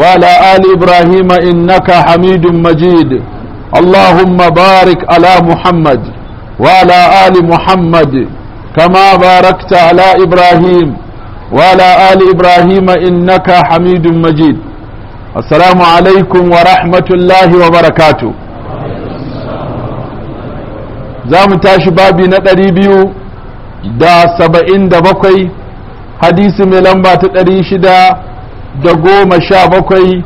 وعلى آل إبراهيم إنك حميد مجيد اللهم بارك على محمد وعلى آل محمد كما باركت على إبراهيم وعلى آل إبراهيم إنك حميد مجيد السلام عليكم ورحمة الله وبركاته زام تاشبابي نتري بيو دا سبعين دا بقي حديث ملمبات تريشدا da goma sha bakwai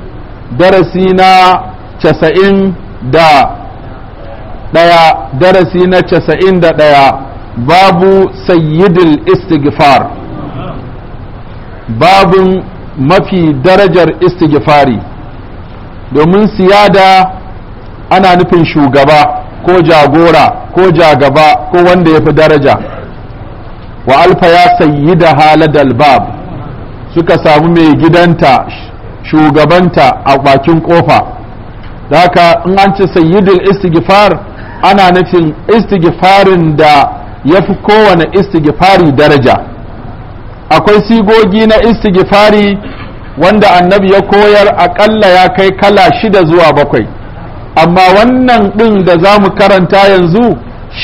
darasi na casa'in da ɗaya darasi na casa'in da ɗaya babu sayyidul istighfar babun mafi darajar istighfari domin siyada ana nufin shugaba ko jagora ko jagaba ko wanda ya fi daraja wa alfa ya sayi da haladal bab suka samu mai gidanta shugabanta a bakin kofa da haka in an ce sayyidul istighfar ana nufin istighfarin da ya fi kowane istighfari daraja akwai sigogi na istighfari wanda annabi ya koyar akalla ya kai kala shida zuwa bakwai amma wannan ɗin da za mu karanta yanzu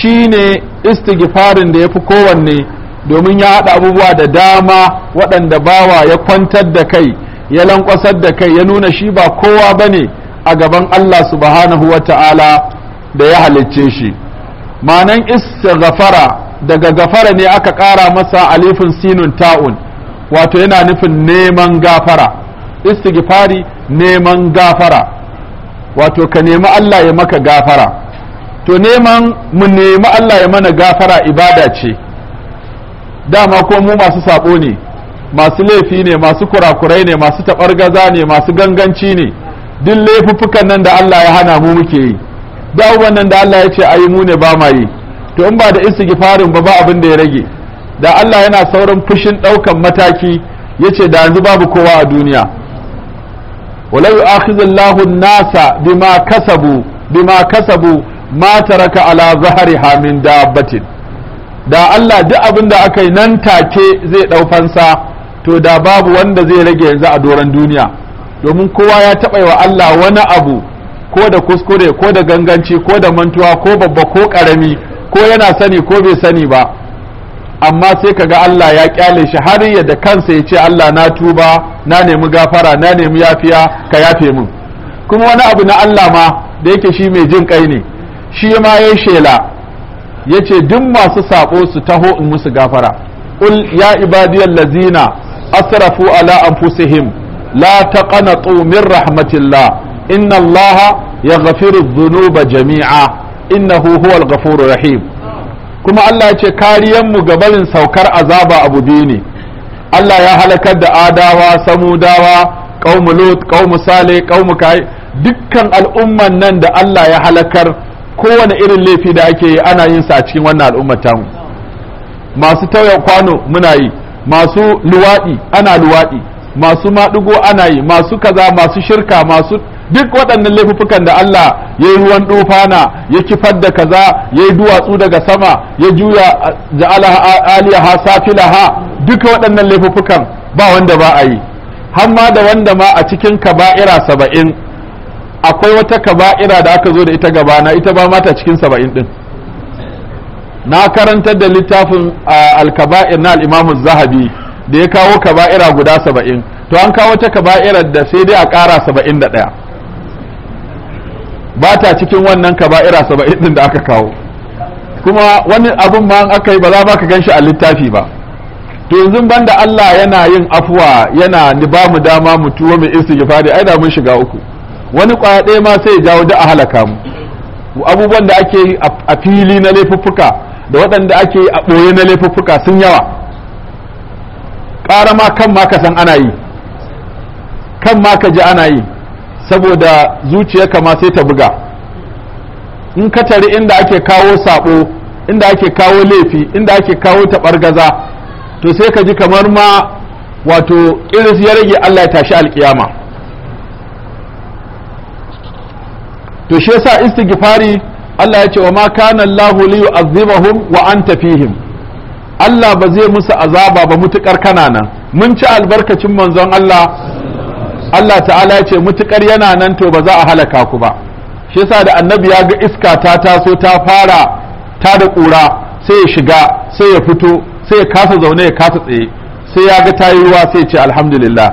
shine istighfarin da ya fi kowanne domin ya haɗa abubuwa da dama waɗanda bawa ya kwantar da kai ya lankwasar da kai ya nuna shi ba kowa ba ne a gaban Allah subhanahu wa ta'ala da ya halicce shi manan istighfara daga gafara ne aka ƙara masa alifin sinun ta'un wato yana nufin neman gafara istighfari neman gafara wato ka nemi Allah ya maka gafara to neman mu nemi Allah ya mana gafara ibada ce dama ko mu masu sabo ne masu laifi ne masu kurakurai ne masu taɓargaza ne masu ganganci ne duk laifuffukan nan da Allah ya hana mu muke yi da nan da Allah ya ce ayi mu ne ba ma yi to in ba da istighfarin ba ba abin da ya rage da Allah yana saurin fushin ɗaukan mataki yace da yanzu babu kowa a duniya walau yu'akhidhullahu an-nasa bima kasabu bima kasabu ma taraka ala zahriha min dabbatin da Allah duk abin da aka yi nan take zai ɗau fansa to da babu wanda zai rage yanzu a doron duniya domin kowa ya taɓa wa Allah wani abu ko da kuskure ko da ganganci ko da mantuwa ko babba ko ƙarami ko yana sani ko bai sani ba amma sai kaga Allah ya kyale shi har ya da kansa ya ce Allah na tuba na nemi gafara na nemi yafiya ka yafe min kuma wani abu na Allah ma da yake shi mai jin kai ne shi ma ya shela yace duk masu sabo su taho in musu gafara qul ya ibadiyal lazina asrafu ala anfusihim la taqanatu min rahmatillah inna allaha yaghfiru dhunuba jami'a innahu huwal ghafurur rahim kuma Allah ce kariyan mu gabarin saukar azaba abu biyu ne Allah ya halakar da adawa samudawa qaumu lut qaumu salih qaumu kai dukkan al'umman nan da Allah ya halakar kowane irin laifi da ake yi ana yin sa a cikin wannan al'ummar tamu masu tauye kwano muna yi masu luwaɗi ana luwaɗi masu maɗigo ana yi masu kaza masu shirka masu duk waɗannan laifukan da Allah ya yi ruwan ɗofana ya kifar da kaza ya yi duwatsu daga sama ya juya ja'ala aliyaha safilaha duk waɗannan laifukan ba wanda ba a yi har ma da wanda ma a cikin kaba'ira saba'in akwai wata kaba'ira da aka zo da ita gabana ita ba mata cikin saba'in din na karantar da littafin alkaba'ir na al'imamu zahabi da ya kawo kaba'ira guda saba'in to an kawo ta kaba'ira da sai dai a kara saba'in da ɗaya ba ta cikin wannan kaba'ira saba'in din da aka kawo kuma wani abin ma aka yi ba za ka gan shi a littafi ba to yanzu banda Allah yana yin afuwa yana ni ba mu dama mu tuwo mu istighfari ai da mun shiga uku wani kwaya ɗaya ma sai ya jawo da a halaka mu abubuwan da ake yi a fili na laifuffuka da waɗanda ake yi a ɓoye na laifuffuka sun yawa ƙara ma kan ma ka san ana yi kan ma ka ji ana yi saboda zuciyarka ma sai ta buga in ka tari inda ake kawo saɓo, inda ake kawo laifi inda ake kawo taɓargaza to sai ka ji kamar ma wato ƙiris ya rage Allah ya tashi alƙiyama to shi yasa istighfari Allah ya ce wa ma kana Allahu li yu'azzibahum wa anta fihim Allah ba zai musu azaba ba mutukar kana nan mun ci albarkacin manzon Allah Allah ta'ala ya ce mutukar yana nan to ba za a halaka ku ba shi yasa da annabi ya ga iska ta taso ta fara ta da kura sai ya shiga sai ya fito sai ya kasa zaune ya kasa tsaye sai ya ga tayi ruwa sai ya ce alhamdulillah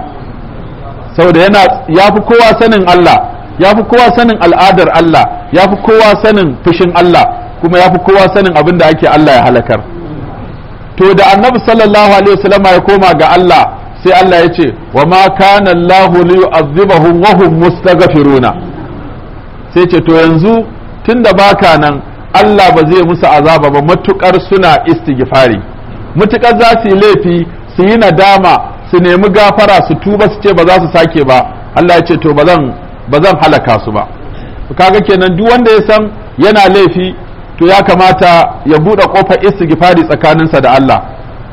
saboda yana ya fi kowa sanin Allah ya fi kowa sanin al'adar Allah ya fi kowa sanin fushin Allah kuma ya fi kowa sanin abin da ake Allah ya halakar to da annabi sallallahu alaihi wasallama ya koma ga Allah sai Allah ya ce wa ma kana Allahu li yu'azzibahum wa hum mustaghfiruna sai ce to yanzu tunda baka nan Allah ba zai musu azaba ba matukar suna istighfari matukar za su yi laifi su yi nadama su nemi gafara su tuba su ce ba za su sake ba Allah ya ce to ba zan ba zan halaka su ba kaga kenan duk wanda ya san yana laifi to ya kamata ya buɗe ƙofar istighfari tsakaninsa da Allah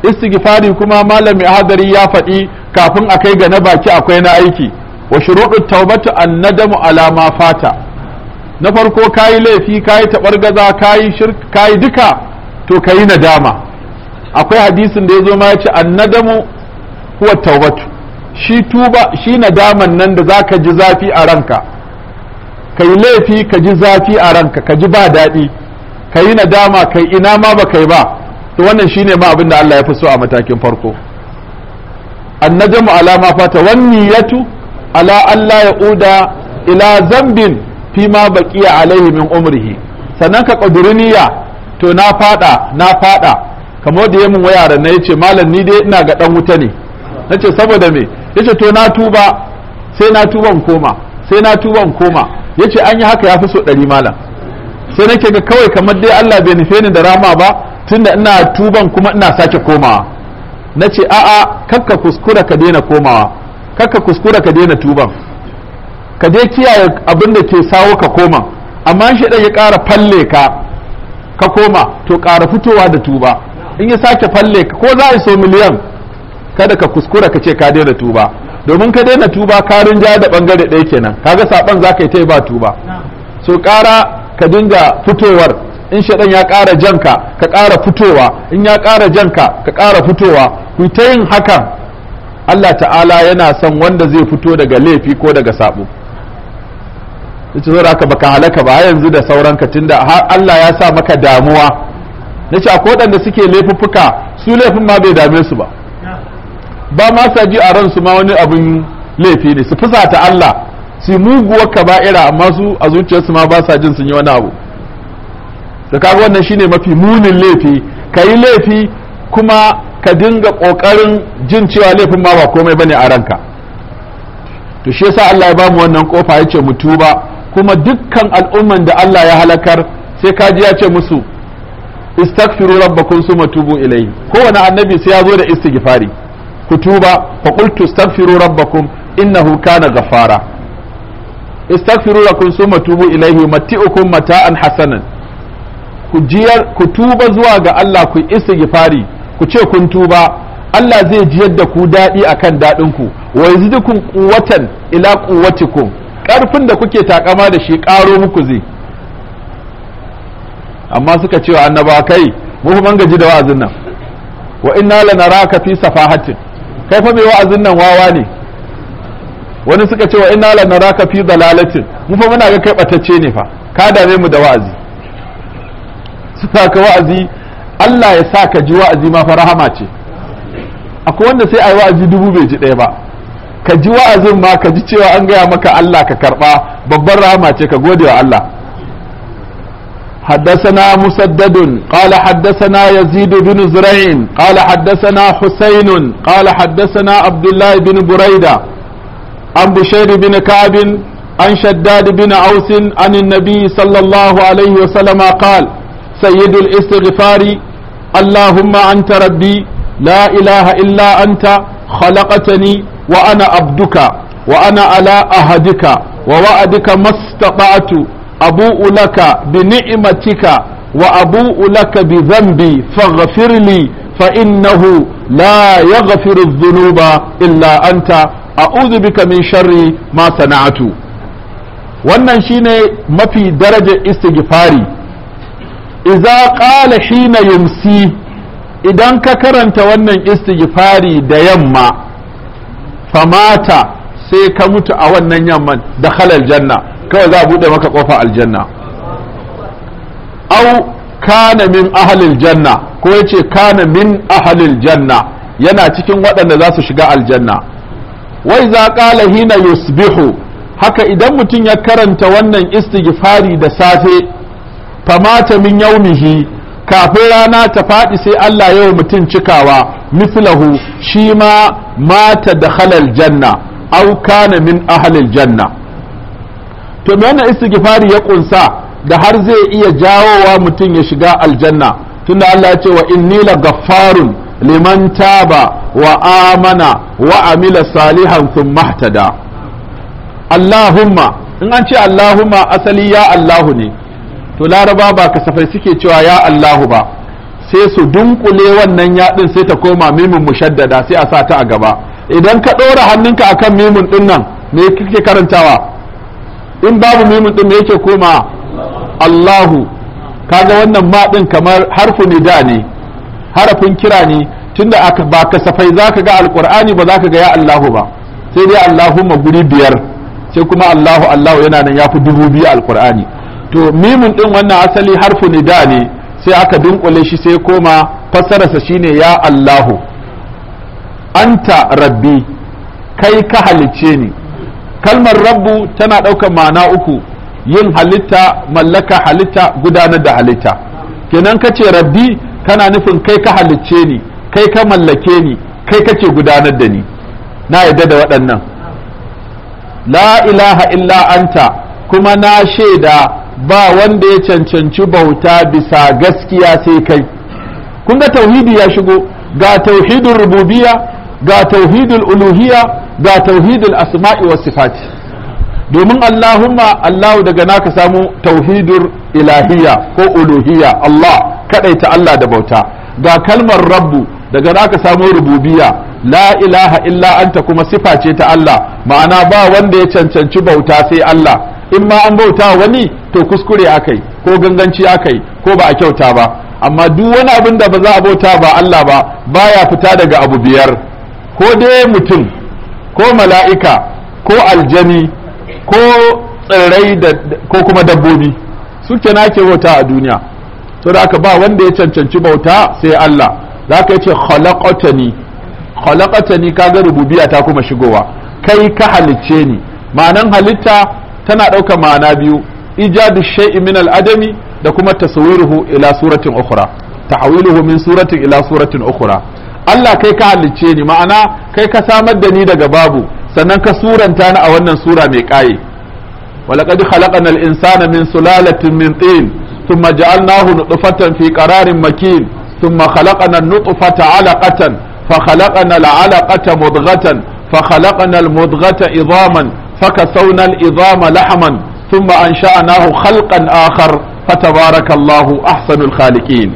istighfari kuma malami hadari ya faɗi kafin a kai ga na baki akwai na aiki wa shuruɗu taubatu an nadamu ala ma fata na farko kayi laifi kayi gaza kayi shirk kayi duka to kayi nadama akwai hadisin da ya zo ma ya ce annadamu huwa taubatu shi tuba shi nadaman nan da za ka ji zafi a ranka kai laifi ka ji zafi a ranka ka ji ba daɗi ka yi nadama kai ina ma ba kai ba to wannan shine ma abin da Allah ya fi so a matakin farko annajamu ala ma fata wani wanniyatu ala Allah ya uda ila zambin fi ma baƙiya alaihi min umrihi sannan ka niyya to na fada na fada kamar da ya mun waya da na yace malam ni dai ina ga dan wuta ne nace saboda me yace to na tuba sai na tuban koma sai na tuban koma yace an yi haka ya fi so ɗari malam sai nake ga kawai kamar dai Allah bai nufe ni da rama ba tunda ina tuban kuma ina sake komawa nace ce a'a kakka kuskura ka daina komawa kakka kuskura ka daina tuban ka dai kiyaye abin da ke sawo ka koma amma shi ya ƙara falle ka ka koma to ƙara fitowa da tuba in ya sake falle ka ko za a so miliyan kada ka kuskura ka ce ka daina tuba domin ka daina tuba ka rinja da bangare ɗaya kenan kaga saban za ka yi ta ba tuba so ƙara ka dinga fitowar in shaɗan ya ƙara janka ka ƙara fitowa in ya ƙara janka ka ƙara fitowa ku ta yin hakan Allah ta'ala yana son wanda zai fito daga laifi ko daga sabo nace zo da baka halaka ba yanzu da sauran ka tunda Allah ya sa maka damuwa nace akwai waɗanda suke laifuffuka su laifin ma bai dame su ba ba ma sa ji a ransu ma wani abin laifi ne su fusata Allah su muguwar kaba'ira amma su a zuciyarsu ma ba sa jin sun yi wani abu da kaga wannan shine mafi munin laifi ka yi laifi kuma ka dinga ƙoƙarin jin cewa laifin ma ba komai bane a ranka to shi yasa Allah ya bamu wannan kofa yace mu tuba kuma dukkan al'umman da Allah ya halakar sai kaji ya ce musu istaghfiru rabbakum summa tubu ilayhi kowane annabi sai ya zo da istighfari ku tuba fa qultu astaghfiru rabbakum innahu kana ghaffara istaghfiru lakum summa tubu ilayhi matti'ukum mata'an hasanan ku jiyar ku tuba zuwa ga Allah ku istighfari ku ce kun tuba Allah zai jiyar da ku daɗi akan daɗin ku wa yazidukum quwwatan ila quwwatikum ƙarfin da kuke takama da shi ƙaro muku zai amma suka cewa annaba kai mu gaji da wa'azin nan wa inna lanaraka fi safahatin kai fa mai wa'azin nan wawa ne wani suka ce wa inna la naraka fi dalalatin mu fa muna ga kai batacce ne fa ka dame mu da wa'azi suna ka wa'azi Allah ya sa ka ji wa'azi ma fa rahama ce akwai wanda sai ai wa'azi dubu bai ji ɗaya ba ka ji wa'azin ma ka ji cewa an gaya maka Allah ka karba babbar rahama ce ka gode wa Allah حدثنا مسدد قال حدثنا يزيد بن زريع قال حدثنا حسين قال حدثنا عبد الله بن بريدة عن بشير بن كعب عن شداد بن أوس عن النبي صلى الله عليه وسلم قال سيد الاستغفار اللهم أنت ربي لا إله إلا أنت خلقتني وأنا عبدك وأنا على أهدك ووعدك ما استطعت abu'u laka bi ni'matika wa abu'u laka bi dhanbi faghfir li fa innahu la yaghfiru dhunuba illa anta a'udhu bika min sharri ma sana'atu wannan shine mafi darajar istighfari idza qala hina yumsi idan ka karanta wannan istighfari da yamma famata sai ka mutu a wannan yamman da halal janna kawai za a buɗe maka ƙofa aljanna au kana min ahalil janna ko ya ce kana min ahalil janna yana cikin waɗanda za su shiga aljanna wai za ƙala hina yusbihu haka idan mutum ya karanta wannan istighfari da safe famata min yaumihi kafin rana ta faɗi sai Allah yau mutum cikawa mislahu shi ma mata da halal janna au kana min ahalil janna to me wannan istighfari ya kunsa da har zai iya jawowa mutum ya shiga aljanna tunda Allah ya ce wa inni la gaffarun liman taba wa amana wa amila salihan thumma ihtada Allahumma in an ce Allahumma asali ya Allahu ne to laraba ba kasafai suke cewa ya Allahu ba sai su dunkule wannan yaɗin sai ta koma mimin mushaddada sai a sa ta a gaba idan ka ɗora hannunka akan mimun ɗinnan me kake karantawa in babu mai mutum me yake koma Allahu kaga wannan maɗin kamar harfu nida ne harafin kira ne tunda aka ba kasafai zaka ga alqur'ani ba zaka ga ya Allahu ba sai dai Allahumma guri biyar sai kuma Allahu Allahu yana nan ya fi dubu biyu alqur'ani to mimun din wannan asali harfu nida ne sai aka dunkule shi sai koma fassararsa shine ya Allahu anta rabbi kai ka halice ni kalmar rabbu tana ɗaukar ma'ana uku yin halitta mallaka halitta gudanar da halitta kenan ka ce rabbi kana nufin kai ka halicce ni kai ka mallake ni kai ka ce gudanar da ni na yadda da waɗannan la ilaha illa anta kuma na shaida ba wanda ya cancanci bauta bisa gaskiya sai kai kun ga tauhidi ya shigo ga tauhidin Rububiya? ga tauhidul uluhiya ga tauhidul asma'i was sifati domin Allahumma Allahu daga naka samu tauhidur ilahiyya ko uluhiyya Allah ta Allah da bauta ga kalmar rabbu daga naka samu rububiya la ilaha illa anta kuma sifa ce ta Allah ma'ana ba wanda ya cancanci bauta sai Allah in ma an bauta wani to kuskure akai ko ganganci akai ko ba a kyauta ba amma duk wani abin da ba za a bauta ba Allah ba baya fita daga abu biyar ko dai mutum ko mala'ika ko aljani ko tsirrai ko kuma dabbobi suke na ke bauta a duniya to da aka ba wanda ya cancanci bauta sai Allah za ka ce khalaqatani khalaqatani kaga rububiya ta kuma shigowa kai ka halicce ni ma'anan halitta tana ɗauka ma'ana biyu ijadu shay'i min al da kuma tasawiruhu ila suratin ukhra tahwiluhu min suratin ila suratin ukhra Allah kai ka halicce ni ma'ana kai ka samar da ni daga babu sannan ka suranta ni a wannan sura mai kaye walaqad khalaqna al-insana min sulalatin min tin thumma ja'alnahu nutfatan fi qararin makin thumma khalaqna an-nutfata 'alaqatan fa khalaqna al-'alaqata mudghatan fa khalaqna al-mudghata idhaman fakasawna al-idhama lahman thumma ansha'nahu khalqan akhar fatabaraka Allahu ahsanul khaliqin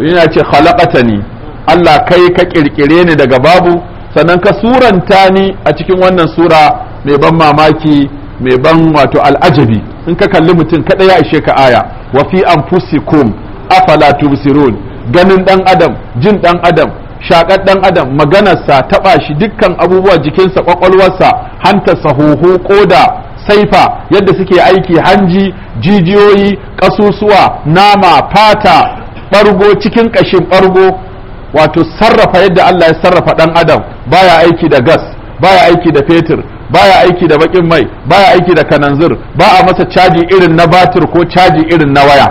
yana ce khalaqatani Allah kai ka kirkire ni daga babu sannan ka suranta ni a cikin wannan sura mai ban mamaki mai ban wato al'ajabi in ka kalli mutum kada ya ishe ka aya wa fi anfusikum afala tubsirun ganin dan adam jin dan adam shakar dan adam maganarsa taɓa shi dukkan abubuwa jikinsa kwakwalwarsa hantarsa huhu koda saifa yadda suke aiki hanji jijiyoyi kasusuwa nama fata ɓargo cikin ƙashin ɓargo wato sarrafa yadda Allah ya sarrafa ɗan adam baya aiki da gas baya aiki da fetur baya aiki da bakin mai baya aiki da kananzir ba a masa caji irin na batir ko caji irin na waya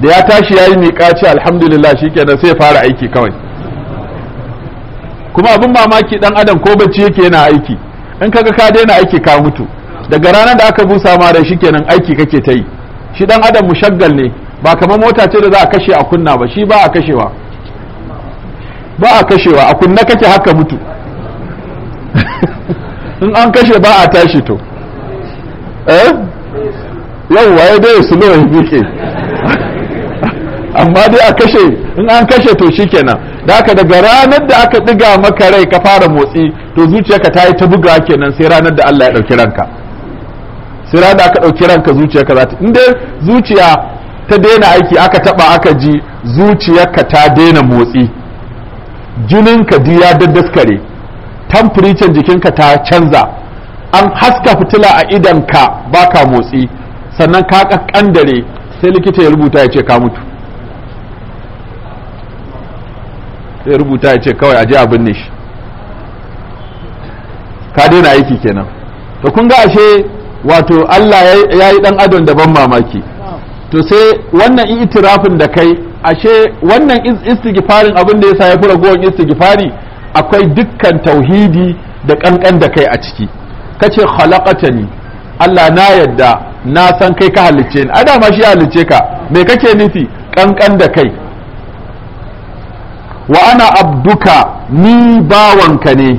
da ya tashi yayi ce alhamdulillah shikenan sai fara aiki kawai kuma abin mamaki ɗan adam ko bacci yake yana aiki in kaga ka daina aiki ka mutu daga ranar da aka busa ma da shikenan aiki kake ta yi shi ɗan adam mushaggal ne ba kamar mota ce da za a kashe a kunna ba shi ba a kashewa ba a kashewa a kunna kake haka mutu in an kashe ba a tashi to eh yau ya dai su ya yake amma dai a kashe in an kashe to shikenan da aka daga ranar da aka ɗiga maka rai ka fara motsi to zuciyarka ta yi ta buga kenan sai ranar da Allah ya ɗauki ranka sai ranar da aka ɗauki ranka zuciyarka za ta in dai zuciya ta daina aiki aka taɓa aka ji zuciyarka ta daina motsi jininka ji ya daddaskare tamfuricin jikinka ta canza an haska fitila a idanka baka motsi sannan ka kakkandare sai likita ya rubuta ya ce ka mutu ya rubuta ya ce kawai aje abin ne shi ka daina aiki kenan to kun ga ashe wato Allah ya yi dan adam da ban mamaki to sai wannan itirafin da kai ashe wannan istighfarin abin da yasa ya fi ragowar istighfari akwai dukkan tauhidi da kankan da kai a ciki kace khalaqatani Allah na yadda na san kai ka halicce ni adama shi halicce ka me kake nufi kankan da kai wa ana abduka ni bawanka ne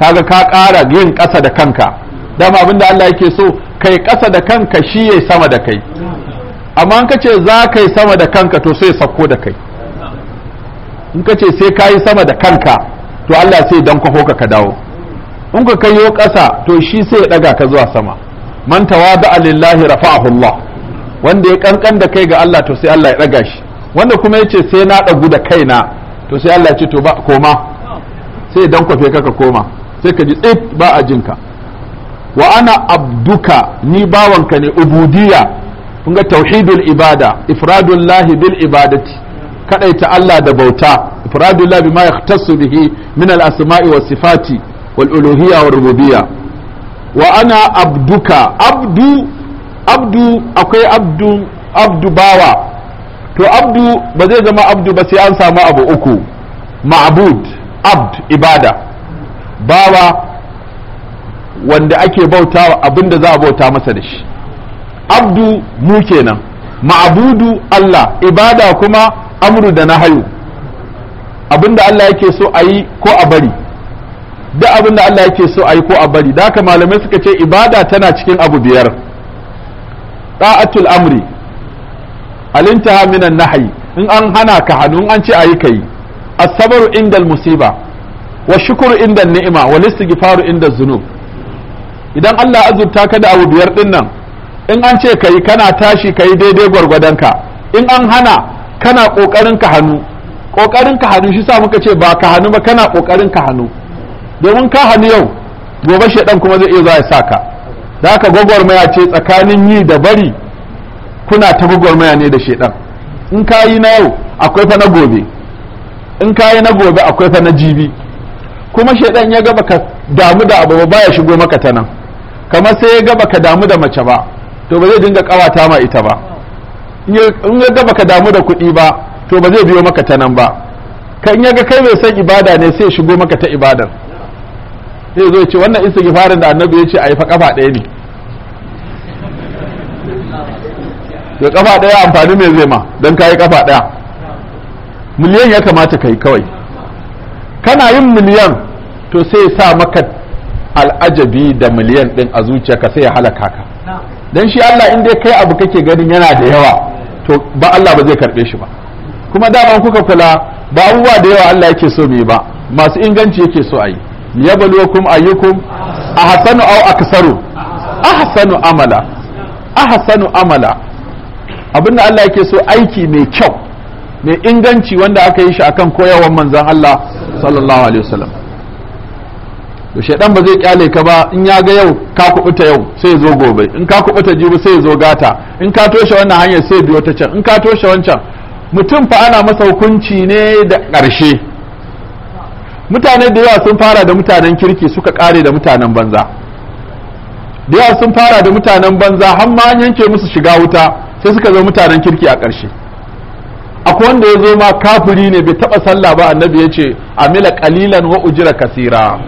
kaga ka ƙara yin ƙasa da kanka dama abinda Allah yake so kai ƙasa da kanka shi ya sama da kai amma in kace za ka yi sama da kanka to sai sauko da kai in kace sai ka yi sama da kanka to Allah sai dan kwafo ka ka dawo in ka kayo ƙasa to shi sai ya daga ka zuwa sama man tawada lillahi rafa'ahu Allah wanda ya kankan da kai ga Allah to sai Allah ya daga shi wanda kuma yace sai na dagu da kaina to sai Allah ya ce to ba koma sai dan kwafe ka ka koma sai ka ji tsit ba a jinka wa ana abduka ni bawanka ne ubudiyya kun ga tauhidul ibada ifradul lahi bil ibadati kadaita Allah da bauta ifradul lahi bima yahtassu bihi min al asma'i was sifati wal uluhiyya war rububiyya wa ana abduka abdu abdu akwai abdu abdu bawa to abdu ba zai zama abdu ba sai an samu abu uku ma'bud abd ibada bawa wanda ake bautawa abinda za a bauta masa da shi abdu mu kenan ma'abudu Allah ibada kuma amru da nahayu abinda Allah yake so a yi ko a bari duk abinda Allah yake so a yi ko a bari da haka malamai suka ce ibada tana cikin abu biyar da'atul amri alintaha minan nahyi in an hana ka hannu in an ce ayi kai as-sabru inda musiba wa shukuru inda ni'ima wa sigifaru inda zunub idan Allah azurta ka da abu biyar din nan in an ce kai kana tashi ka yi daidai gwargwadonka in an hana kana kokarin ka hannu kokarin ka hannu shi sa muka ce ba ka hannu ba kana kokarin ka hannu domin ka hannu yau gobe shedan kuma zai iya zuwa ya saka da haka gwagwarmaya ce tsakanin yi da bari kuna ta gwagwarmaya ne da shedan in ka yi na yau akwai fa na gobe in ka yi na gobe akwai fa na jibi kuma shedan ya ga baka damu da abu ba ya shigo maka ta nan kamar sai ya ga baka damu da mace ba to ba zai dinga kawata ma ita ba in ya ga baka damu da kuɗi ba to ba zai biyo maka ta nan ba ka ya ga kai mai san ibada ne sai shigo maka ta ibadar sai zo ce wannan istighfarin da annabi ya ce a yi fa kafa ɗaya ne to kafa ɗaya amfani mai zai ma don kayi kafa ɗaya miliyan ya kamata kai kawai kana yin miliyan to sai sa maka al'ajabi da miliyan ɗin a zuciyarka sai ya halaka ka dan shi Allah in dai kai abu kake ganin yana da yawa to ba Allah ba zai karbe shi ba kuma dama kuka kula ba abubuwa da yawa Allah yake so mai ba masu inganci yake so ayi liyabluwakum ayyukum ahsanu aw aksaru ahsanu amala ahsanu amala abinda Allah yake so aiki mai kyau mai inganci wanda aka yi shi akan koyarwar manzon Allah sallallahu alaihi wasallam to shaidan ba zai kyale ka ba in ya ga yau ka kubuta yau sai zo gobe in ka kubuta jibi sai zo gata in ka toshe wannan hanyar sai biyo ta can in ka toshe wancan mutum fa ana masa hukunci ne da ƙarshe mutane da yawa sun fara da mutanen kirki suka ƙare da mutanen banza da yawa sun fara da mutanen banza har ma an yanke musu shiga wuta sai suka zo mutanen kirki a ƙarshe akwai wanda ya zo ma kafiri ne bai taɓa sallah ba annabi ya ce amila kalilan wa ujira kasira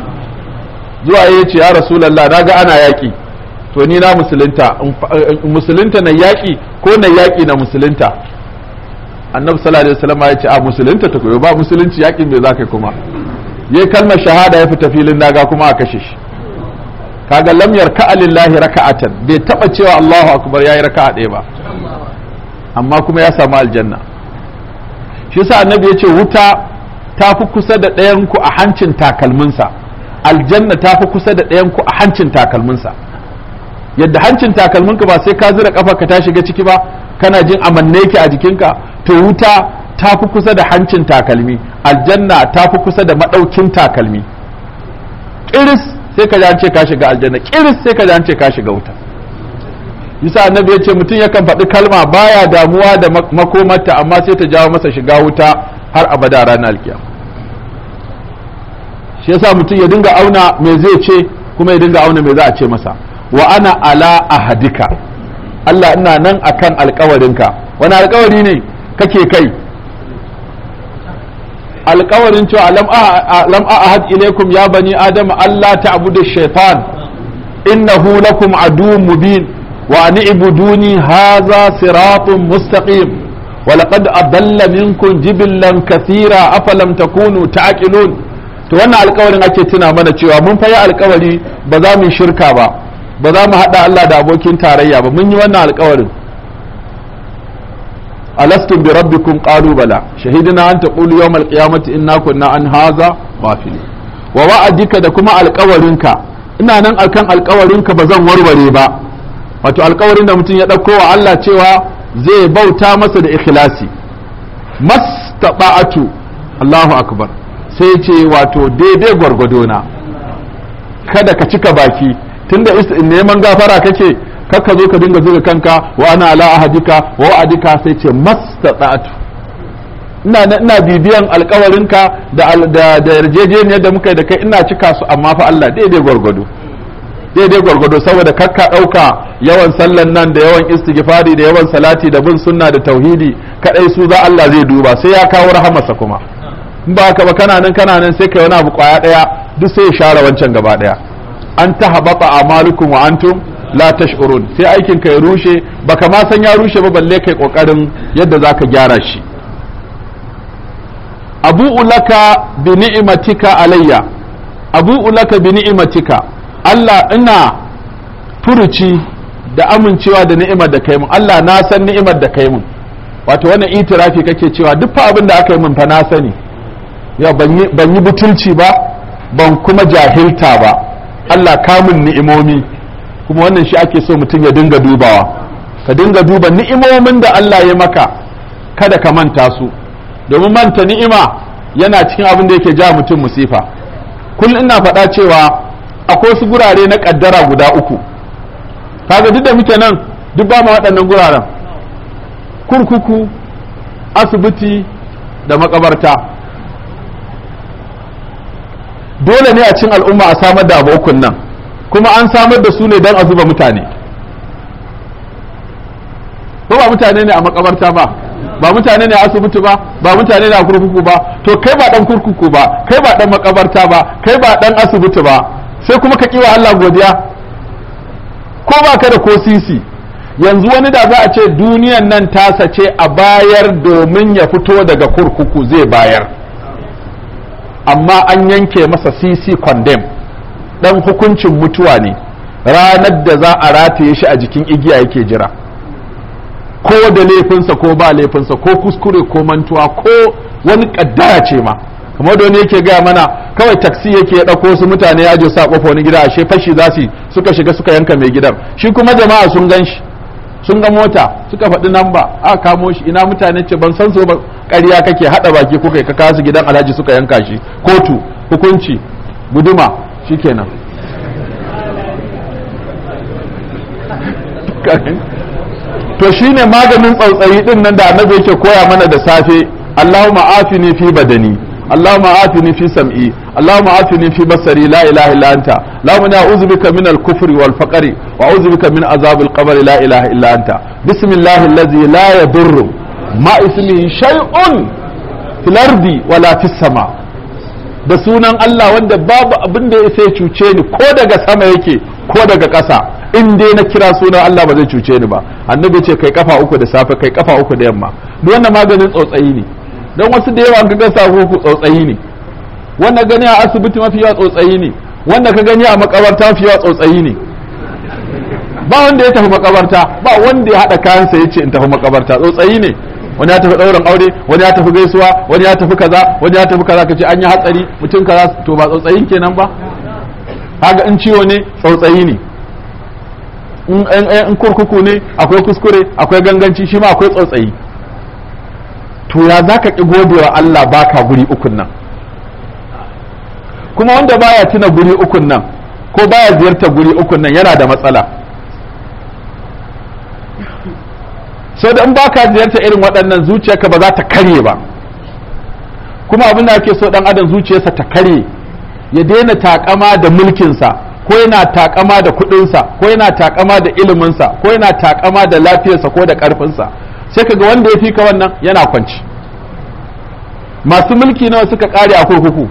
zuwa ya ce ya rasulallah na ga ana yaƙi to ni na musulunta musulunta na yaƙi ko na yaƙi na musulunta annabi sallallahu alaihi wasallam ya ce a musulunta ta koyo ba musulunci yaƙin bai zakai kuma yayi kalmar shahada ya fita filin daga kuma a kashe shi kaga lam yarka alillahi raka'atan bai taba cewa Allahu akbar yayi raka'a ɗaya ba amma kuma ya samu aljanna shi sa annabi ya ce wuta ta fi kusa da ɗayan ku a hancin takalminsa aljanna ta fi kusa da ɗayan ku a hancin takalminsa yadda hancin takalminka ba sai ka zira kafa ka ta shiga ciki ba kana jin amanne ki a jikinka to wuta ta fi kusa da hancin takalmi aljanna ta fi kusa da maɗaukin takalmi ƙiris sai ka jance ka shiga aljanna ƙiris sai ka jance ka shiga wuta yasa annabi ya ce mutum yakan faɗi kalma baya damuwa da makomarta amma sai ta jawo masa shiga wuta har abada ranar alkiyama shi yasa mutum ya dinga auna me zai ce kuma ya dinga auna me za a ce masa wa ana ala ahadika Allah ina nan akan alkawarinka wani alkawari ne kake kai alkawarin cewa lam ahad ilaikum ya bani adam Allah da shaitan innahu lakum adu mubin wa an ibuduni haza, siratun mustaqim ولقد أضل منكم جبلا كثيرا أفلم ta تعقلون to wannan alkawarin ake tuna mana cewa mun fa yi alkawari ba za mu shirka ba ba za mu haɗa Allah da abokin tarayya ba mun yi wannan alkawarin alastum bi rabbikum qalu bala shahidina an taqulu yawm alqiyamati inna kunna an hadha ghafili wa wa'adika da kuma alkawarinka ina nan akan alkawarinka ba zan warware ba wato alkawarin da mutum ya ɗauko wa Allah cewa zai bauta masa da ikhlasi mastata'atu Allahu akbar sai ce wato daidai gwargwado na kada ka cika baki tunda neman gafara kake kakka zo ka dinga zuga kanka wa ana ala ahadika wa wa'adika sai ce mastata'tu ina ina bibiyan alkawarinka da da da yarjejeniyar da muka da kai ina cika su amma fa Allah daidai gwargwado daidai gwargwado saboda kakka ɗauka yawan sallan nan da yawan istighfari da yawan salati da bin sunna da tauhidi kaɗai su za Allah zai duba sai ya kawo rahamarsa kuma in ba ka ba kana nan kana nan sai kai wani abu kwaya ɗaya duk sai ya share wancan gaba ɗaya an ta a malukun wa antum la tash'urun sai aikin ka ya rushe baka ma san ya rushe ba balle kai kokarin yadda ka gyara shi abu ulaka bi ni'matika alayya abu ulaka bi ni'matika Allah ina furuci da amincewa da ni'imar da kai mun Allah na san ni'imar da kai mun wato wannan itirafi kake cewa duk fa abin da aka yi mun fa na sani ban yi butulci ba ban kuma jahilta ba Allah kamun ni'imomi kuma wannan shi ake so mutum ya dinga dubawa ka dinga duba ni'imomin da Allah ya maka kada ka manta su domin manta ni'ima yana cikin abin da yake ja mutum musifa kullum ina faɗa cewa akwai wasu gurare na ƙaddara guda uku kaga duk da muke nan duk ba mu waɗannan guraren kurkuku asibiti da makabarta dole ne a cin al'umma a samar da abokun nan kuma an samar da su ne don a zuba mutane ko ba mutane ne a makabarta ba ba mutane ne a asibiti ba ba mutane ne a kurkuku ba to kai ba dan kurkuku ba kai ba dan makabarta ba kai ba dan asibiti ba sai kuma ka kiwa Allah godiya ko ba ka da ko sisi yanzu wani da za a ce duniyan nan ta sace a bayar domin ya fito daga kurkuku zai bayar amma an yanke masa cc condemn dan hukuncin mutuwa ne ranar da za a rataye shi a jikin igiya yake jira ko da laifinsa ko ba laifinsa ko kuskure ko mantuwa ko wani kaddara ce ma kamar da wani yake gaya mana kawai taksi yake ya ɗauko su mutane ya je sa kofa wani gida ashe fashi za su suka shiga suka yanka mai gidan shi kuma jama'a sun gan sun ga mota suka faɗi namba a kamo shi ina mutane ce ban san su ba ƙarya kake haɗa baki ko kai ka kasu gidan alhaji suka yanka shi kotu hukunci guduma shikenan to shi ne maganin tsautsayi ɗin nan da annabi yake koya mana da safe Allahumma afini fi badani Allahumma ni fi sam'i Allahumma afini fi basari la ilaha illa anta Allahumma ina a'udhu bika min al-kufr wal faqr wa a'udhu bika min azab al-qabr la ilaha illa anta bismillahil ladzi la ma islihi filardi fil wala fis da sunan Allah wanda babu abin da ya sai cuce ni ko daga sama yake ko daga ƙasa in dai na kira sunan Allah ba zai cuce ni ba annabi ce kai kafa uku da safe kai kafa uku da yamma duk wannan maganin tsotsayi ne don wasu da yawa ka ga sako ku tsotsayi ne wanda gani a asibiti mafi yawa tsotsayi ne wanda ka gani a makabarta mafi yawa tsotsayi ne ba wanda ya tafi makabarta ba wanda ya haɗa kayansa ya ce in tafi makabarta tsotsayi ne wani ya tafi ɗaurin aure wani ya tafi gaisuwa wani ya tafi kaza wani ya tafi kaza kace an yi hatsari mutum kaza to ba tsautsayin kenan ba kaga in ciwo ne tsautsayi ne in kurkuku ne akwai kuskure akwai ganganci shi ma akwai tsautsayi to ya zaka ki godewa Allah baka guri ukun nan kuma wanda baya tuna guri ukun nan ko baya ziyarta guri ukun nan yana da matsala sau da in ba ka ziyarta irin waɗannan zuciyarka ba za ta karye ba kuma abin da ake so ɗan adam zuciyarsa ta karye ya daina takama da mulkinsa ko yana takama da kuɗinsa ko yana takama da iliminsa ko yana takama da lafiyarsa ko da ƙarfinsa sai ka ga wanda ya fi ka wannan yana kwanci masu mulki nawa suka ƙare a kurkuku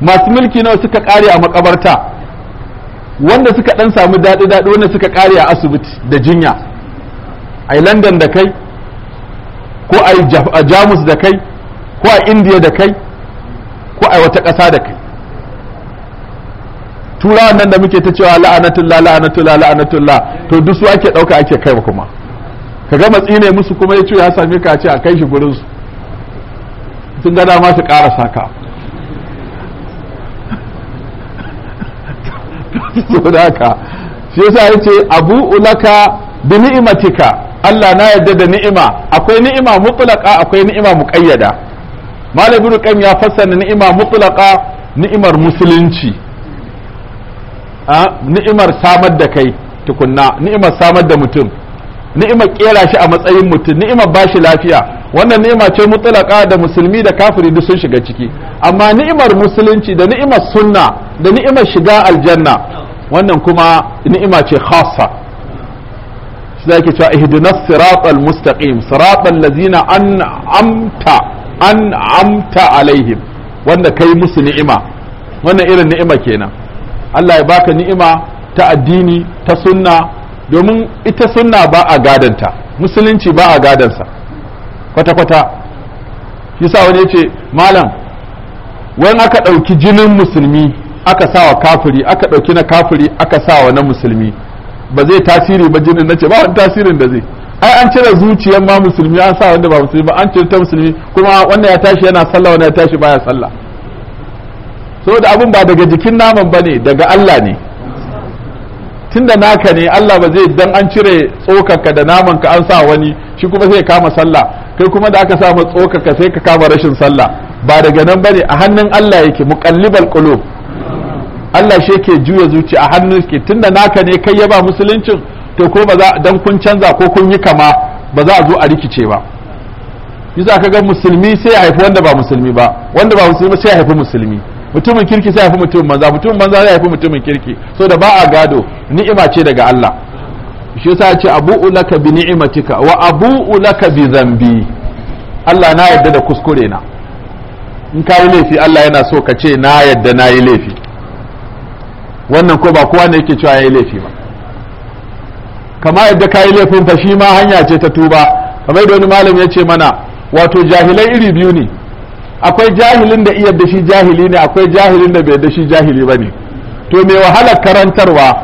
masu mulki nawa suka ƙare a makabarta wanda suka ɗan samu daɗi daɗi wanda suka ƙare a asibiti da jinya a london da kai ko a jamus da kai ko a indiya da kai ko a wata ƙasa da kai turawan nan da muke ta cewa la'anatullah la'anatullah la'anatullah to duk su ake ɗauka ake kai kuma ka gama tsine musu kuma ya ce ya same ka ce a kai shi gurin su sun ga dama su ƙara saka so da ka shi yasa ce abu ulaka bi ni'imatika Allah na yarda da ni'ima akwai ni'ima mutlaqa akwai ni'ima muqayyada malam ibnu qayyim ya fassara ni'ima mutlaqa ni'imar musulunci a ni'imar samar da kai tukunna ni'imar samar da mutum ni'imar kera shi a matsayin mutum ni'imar bashi lafiya wannan ni'ima ce mutlaqa da musulmi da kafiri duk sun shiga ciki amma ni'imar musulunci da ni'imar sunna da ni'imar shiga aljanna wannan kuma ni'ima ce khassa sai yake cewa ihdinas siratal mustaqim siratal amta an'amta an'amta alaihim wanda kai musu ni'ima wannan irin ni'ima kenan Allah ya baka ni'ima ta addini ta sunna domin ita sunna ba a gadanta musulunci ba a gadansa kwata-kwata shi sa wani ce malam wani aka ɗauki jinin musulmi aka sawa kafiri aka ɗauki na kafiri aka sawa na musulmi ba zai tasiri ba jinin nace ba wani tasirin da zai ai an cire zuciyar ma musulmi an sa wanda ba musulmi ba an cire ta musulmi kuma wannan ya tashi yana sallah wannan ya tashi baya sallah saboda abun ba daga jikin naman bane daga Allah ne tunda naka ne Allah ba zai dan an cire tsokarka da naman ka an sa wani shi kuma sai kama sallah kai kuma da aka sa ma tsokarka sai ka kama rashin sallah ba daga nan bane a hannun Allah yake muqallibal qulub Allah shi ke juya zuci a hannun ke tunda naka ne kai ya ba musuluncin to ko ba za dan kun canza ko kun yi kama ba za a zo a rikice ba yasa kaga musulmi sai ya haifi wanda ba musulmi ba wanda ba musulmi sai ya haifi musulmi mutumin kirki sai ya haifi mutumin manza mutumin manza sai ya haifi mutumin kirki so da ba a gado ni'ima ce daga Allah shi yasa ce abu'u laka bi ni'matika wa abu'u laka bi zambi Allah na yarda da kuskure na in ka yi laifi Allah yana so ka ce na yarda na yi laifi wannan ko ba kowa ne yake cewa yayi laifi ba kama yadda kayi laifin ta shi ma hanya ce ta tuba kama yadda wani malam ya ce mana wato jahilai iri biyu ne akwai jahilin da iya da shi jahili ne akwai jahilin da bai da shi jahili ba ne to mai wahalar karantarwa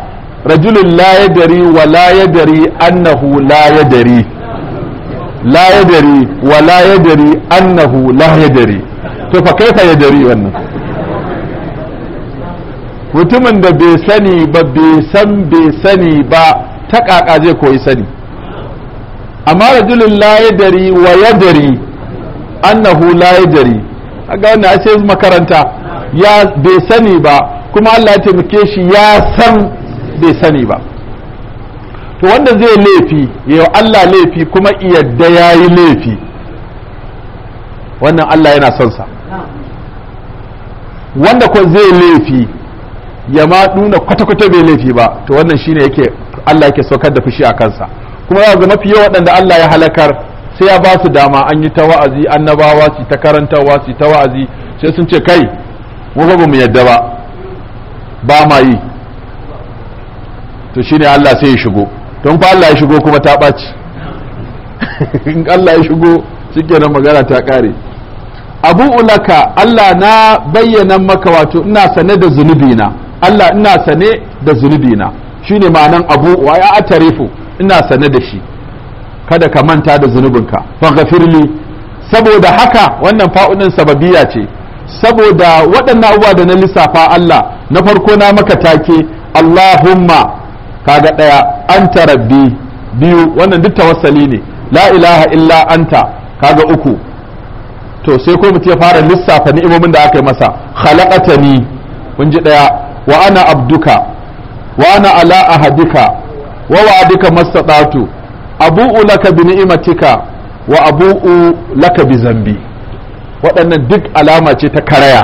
rajulun la yadari wa la yadari annahu la yadari la yadari wa la yadari annahu la to fa kaifa yadari wannan mutumin da bai sani ba bai san bai sani ba ta kaka zai koyi sani amma rajulun la yadari wa yadari annahu la a ga wannan ashe makaranta ya bai sani ba kuma Allah ya taimake shi ya san bai sani ba to wanda zai laifi yau Allah laifi kuma yadda ya yi laifi wannan Allah yana son sa wanda ko zai laifi ya ma nuna kwata-kwata bai laifi ba to wannan shine yake Allah yake saukar da fushi a kansa kuma za ga mafi yawa waɗanda Allah ya halakar sai ya ba su dama an yi ta wa'azi annabawa su ta karantawa su ta wa'azi sai sun ce kai mu ba mu yadda ba ba ma yi to shine Allah sai ya shigo don fa Allah ya shigo kuma ta ɓaci in Allah ya shigo shikenan magana ta ƙare abu ulaka Allah na bayyana maka wato ina sane da zunubi na Allah ina sane da zunubina shine ma'anan abu wa ya atarifu ina sane da shi kada ka manta da zunubinka faghfirli saboda haka wannan fa'unin sababiya ce saboda waɗannan abubuwa da na lissafa Allah na farko na maka take Allahumma kaga ɗaya anta rabbi biyu wannan duk tawassali ne la ilaha illa anta kaga uku to sai ko mutum ya fara lissafa ni'imomin da aka yi masa khalaqatani kun ji ɗaya wa ana abduka wa ana ala ahadika wa masaɗatu mastata'tu abu'u laka bi ni'matika wa abu'u laka bi zambi waɗannan duk alama ce ta karaya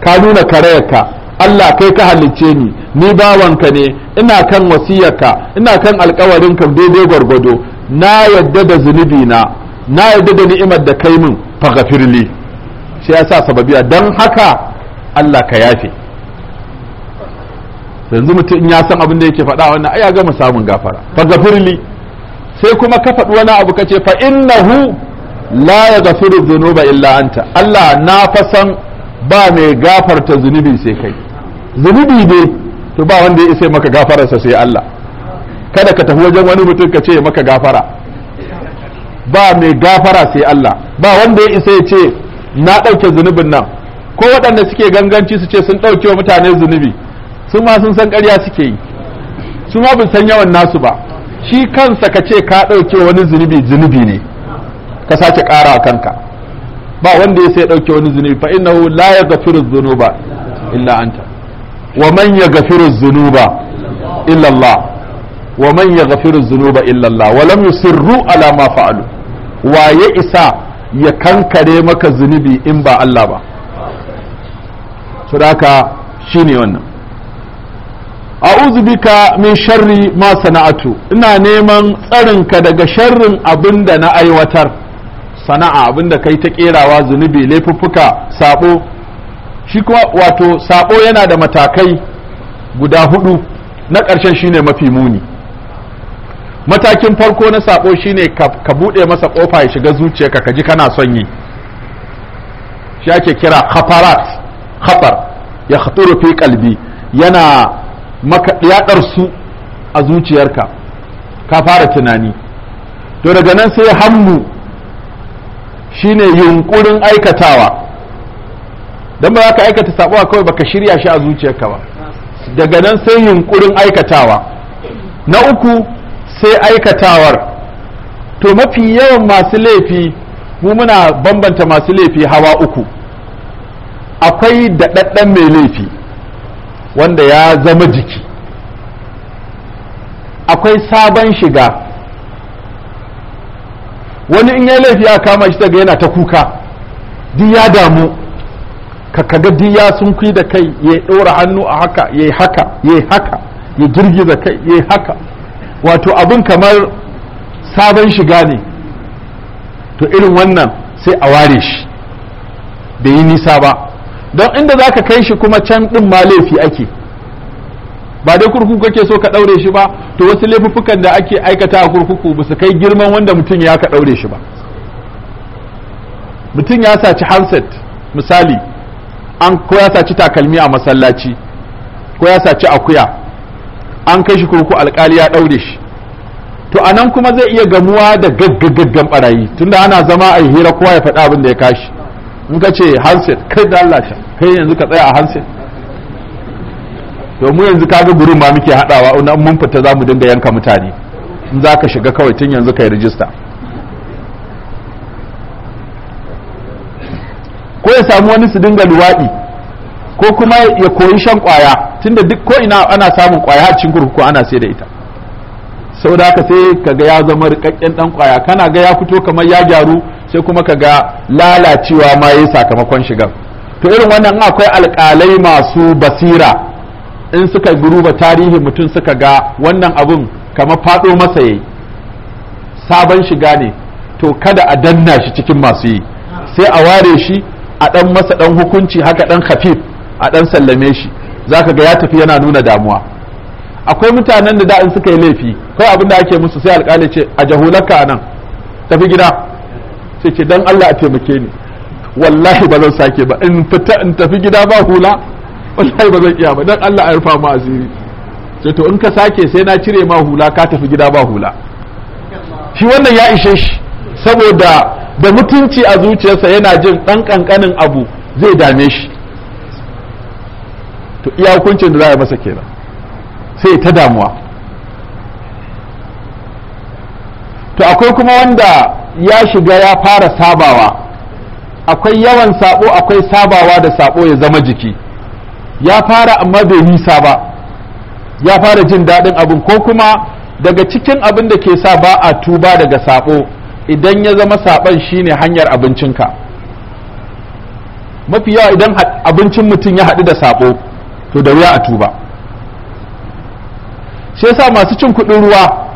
ka nuna karayarka Allah kai ka halicce ni ni bawanka ne ina kan wasiyarka ina kan alkawarinka daidai gwargwado na yadda da zunubi na na yadda da ni'imar da kai min fagafirli shi yasa sababiya dan haka Allah ka yafe yanzu mutum ya san abin da yake faɗa wannan ai ya gama samun gafara gafirli sai kuma ka faɗi wani abu kace fa innahu la yaghfiru dhunuba illa anta Allah na fasan ba mai gafarta zunubi sai kai zunubi ne to ba wanda ya isa maka gafararsa sai Allah kada ka tafi wajen wani mutum ka ce maka gafara ba mai gafara sai Allah ba wanda ya isa ya ce na ɗauke zunubin nan ko waɗanda suke ganganci su ce sun ɗauke wa mutane zunubi su ma sun san ƙarya suke yi su ma bin san yawan nasu ba shi kansa ka ce ka ɗauke wani zunubi zunubi ne ka sake ƙara a kanka ba wanda ya sai ɗauke wani zunubi fa hu la yaghfiru zunuba illa anta wa man yaghfiru zunuba illa Allah wa man yaghfiru zunuba illa Allah wa lam yusirru ala ma fa'alu wa ya isa ya kankare maka zunubi in ba Allah ba su da haka ne wannan a'udhu bika min sharri ma sana'atu ina neman tsarinka daga sharrin abin da na aiwatar sana'a abinda da kai ta kerawa zunubi laifuffuka sabo shi kuma wato sabo yana da matakai guda hudu na ƙarshen shine mafi muni matakin farko na sabo shine ka buɗe masa ƙofa ya shiga zuciyarka ka ji kana son yi shi ake kira khafarat khafar ya khaturu fi kalbi yana maka su a zuciyarka ka fara tunani to daga nan sai shi shine yunkurin aikatawa don ba za ka aikata sabuwa kawai baka shirya shi a zuciyarka ba daga nan sai yunkurin aikatawa na uku sai aikatawar to mafi yawan masu laifi mu muna bambanta masu laifi hawa uku akwai daɗaɗɗen mai laifi wanda ya zama jiki akwai sabon shiga wani in ya laifi ya kama shi daga yana ta kuka duk ya damu ka kaga duk ya sun kuyi da kai ya ɗora hannu a haka ya haka ya haka ya girgiza kai ya haka wato abin kamar sabon shiga ne to irin wannan sai a ware shi bai yi nisa ba don inda za ka kai shi kuma can ɗin ma laifi ake ba dai kurkuku kake so ka ɗaure shi ba to wasu laifuffukan da ake aikata a kurkuku ba su kai girman wanda mutum ya ka ɗaure shi ba mutum ya saci handset misali an ko ya saci takalmi a masallaci ko ya saci akuya an kai shi kurkuku alkali ya ɗaure shi to a nan kuma zai iya gamuwa da gaggagaggan barayi tunda ana zama a hira kowa ya faɗa abin da ya kashi in ka ce handset kai da Allah ka kai yanzu ka tsaya a handset to mu yanzu kaga gurin ma muke hadawa in mun fita za mu dinga yanka mutane in za ka shiga kawai tun yanzu kai rijista ko ya samu wani su dinga luwaɗi ko kuma ya koyi shan kwaya tunda duk ko ina ana samun kwaya a cikin kurkuku ana sai da ita sau da haka sai kaga ya zama rikakken dan kwaya kana ga ya fito kamar ya gyaru sai kuma ka ga lalacewa ma yi sakamakon shigan to irin wannan akwai alƙalai masu basira in suka guruba tarihi mutum suka ga wannan abun kama faɗo masa yayi sabon shiga ne to kada a danna shi cikin masu yi sai a ware shi a ɗan masa ɗan hukunci haka ɗan hafif a ɗan sallame shi za ka ga ya tafi yana nuna damuwa akwai mutanen da da'in suka yi laifi kai abin da ake musu sai alƙali ce a jahulaka nan tafi gida sai ce dan Allah a taimake ni wallahi ba zan sake ba in fita in tafi gida ba hula wallahi ba zan iya ba dan Allah a rufa mu asiri sai to in ka sake sai na cire ma hula ka tafi gida ba hula shi wannan ya ishe shi saboda da mutunci a zuciyarsa yana jin dan kankanin abu zai dame shi to iya hukuncin da za a masa kenan sai ta damuwa to akwai kuma wanda ya shiga ya fara sabawa akwai yawan sabo akwai sabawa da sabo ya zama jiki ya fara amma bai nisa ba ya fara jin daɗin abin ko kuma daga cikin abin da ke sa ba a tuba daga sabo idan ya zama saban shine hanyar abincinka mafi yawa idan abincin mutum ya haɗu da sabo to da wuya a tuba shi yasa masu cin kuɗin ruwa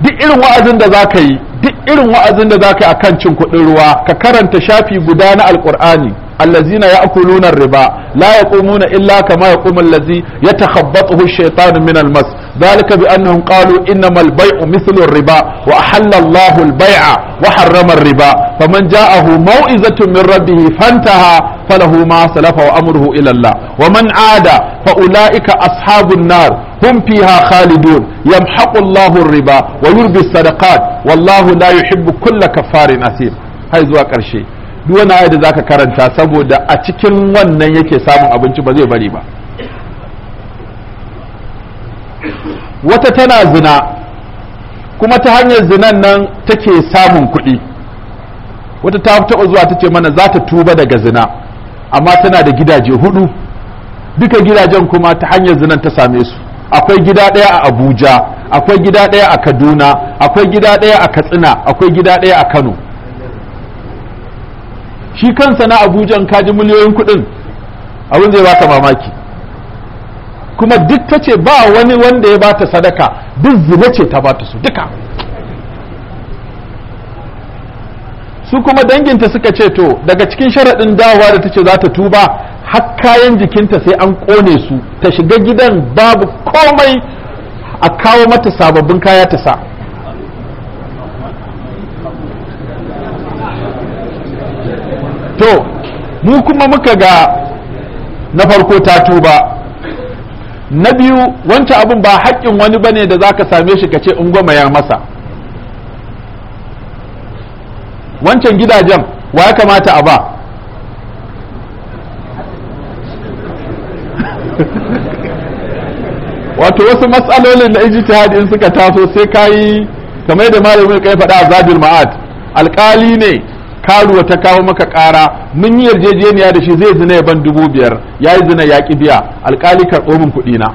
duk irin wa'azin da za ka yi duk irin wa'azin da za a kan cin kuɗin ruwa ka karanta shafi guda na Alƙur'ani. allazina ya'kuluna riba la yaqumuna illa kama yaqumu allazi yatakhabbathu ash-shaytanu min al-mas ذلك بأنهم قالوا إنما البيع مثل الربا وأحل الله البيع وحرم الربا فمن جاءه موئزة من ربه فانتهى فله ما سلف وأمره إلى الله ومن عاد فأولئك أصحاب النار هم فيها خالدون يمحق الله الربا ويربي الصدقات والله لا يحب كل كفار أثيم هاي زواك الشيء duk wani ayat da zaka karanta saboda a cikin wannan yake samun abinci ba zai bari ba wata tana zina kuma ta hanyar zinan nan take samun kuɗi wata ta taɓa zuwa ta ce mana za ta tuba daga zina amma tana da gidaje hudu duka gidajen kuma ta hanyar zinan ta same su akwai gida ɗaya a abuja akwai gida ɗaya a kaduna akwai gida ɗaya a katsina akwai gida ɗaya a kano shi kansa na abuja in kaji miliyoyin kuɗin abin zai baka mamaki kuma duk ta ce ba wani wanda ya bata sadaka duk zina ce ta bata su duka su kuma danginta suka ce to daga cikin sharaɗin dawowa da ta ce za ta tuba har kayan jikinta sai an ƙone su ta shiga gidan babu komai a kawo mata sababbin kaya ta sa to mu kuma muka ga na farko ta tuba na biyu wancan abin ba haƙƙin wani bane da zaka same shi ka ce in ya masa wancan gidajen wa ya kamata a ba wato wasu matsalolin na ijtihad in suka taso sai kayi kamar da malamin kai faɗa a zabin ma'ad alƙali ne karuwa ta kawo maka ƙara mun yi yarjejeniya da shi zai zina ya ban dubu biyar ya yi zina ya ki biya alƙali karɓo min kuɗi na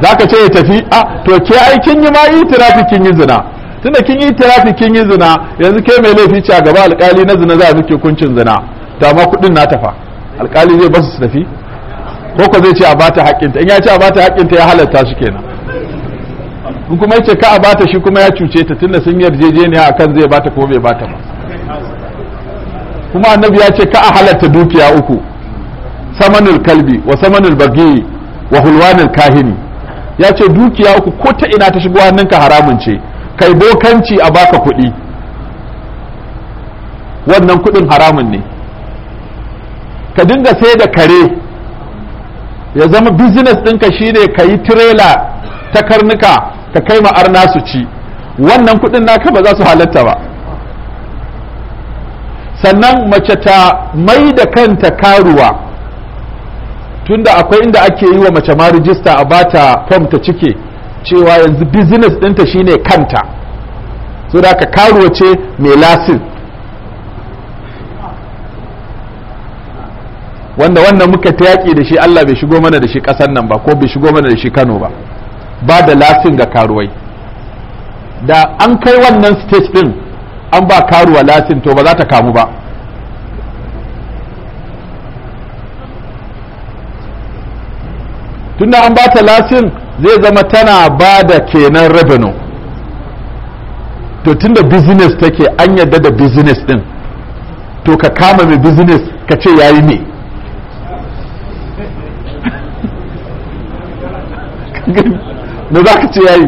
za ka ce ya tafi a ah, to ke ai kin yi ma yi tirafi kin yi zina tunda kin yi tirafi kin yi zina yanzu ke mai laifi ce a gaba alƙali na zina za a miki hukuncin zina ta ma kuɗin na tafa alƙali zai basu su tafi ko ko zai ce a bata haƙƙinta in ya ce a bata haƙƙinta ya halatta shi kenan in kuma yace ka a bata shi kuma ya cuce ta tunda sun yarjejeniya kan zai bata ko bai bata ba kuma annabi ya ce ka a halatta dukiya uku samanul kalbi wa samanul bagi wa hulwanul kahini ya ce dukiya uku ko ta ina ta shigo hannunka haramun ce kai bokanci a baka kuɗi wannan kuɗin haramun ne ka dinga sai da kare ya zama business ɗinka shine ka yi tirela ta karnuka ka kai ma arna su ci wannan kuɗin naka ba za su halatta ba sannan mace ta mai da kanta karuwa tunda akwai inda ake yi wa mace ma rijista a bata fom ta cike cewa yanzu business ɗinta shine kanta so da ka karuwa ce mai lasin wanda wannan muka ta yaƙi da shi Allah bai shigo mana da shi ƙasar nan ba ko bai shigo mana da shi Kano ba ba da lasin ga karuwai da an kai wannan stage din an ba karuwa lasin to ba za ta kamu ba tunda an ba ta lasin zai zama tana ba da kenan revenue to tunda business take an yadda da business din to ka kama mai business ka ce ya yi ne good me za ka ce ya yi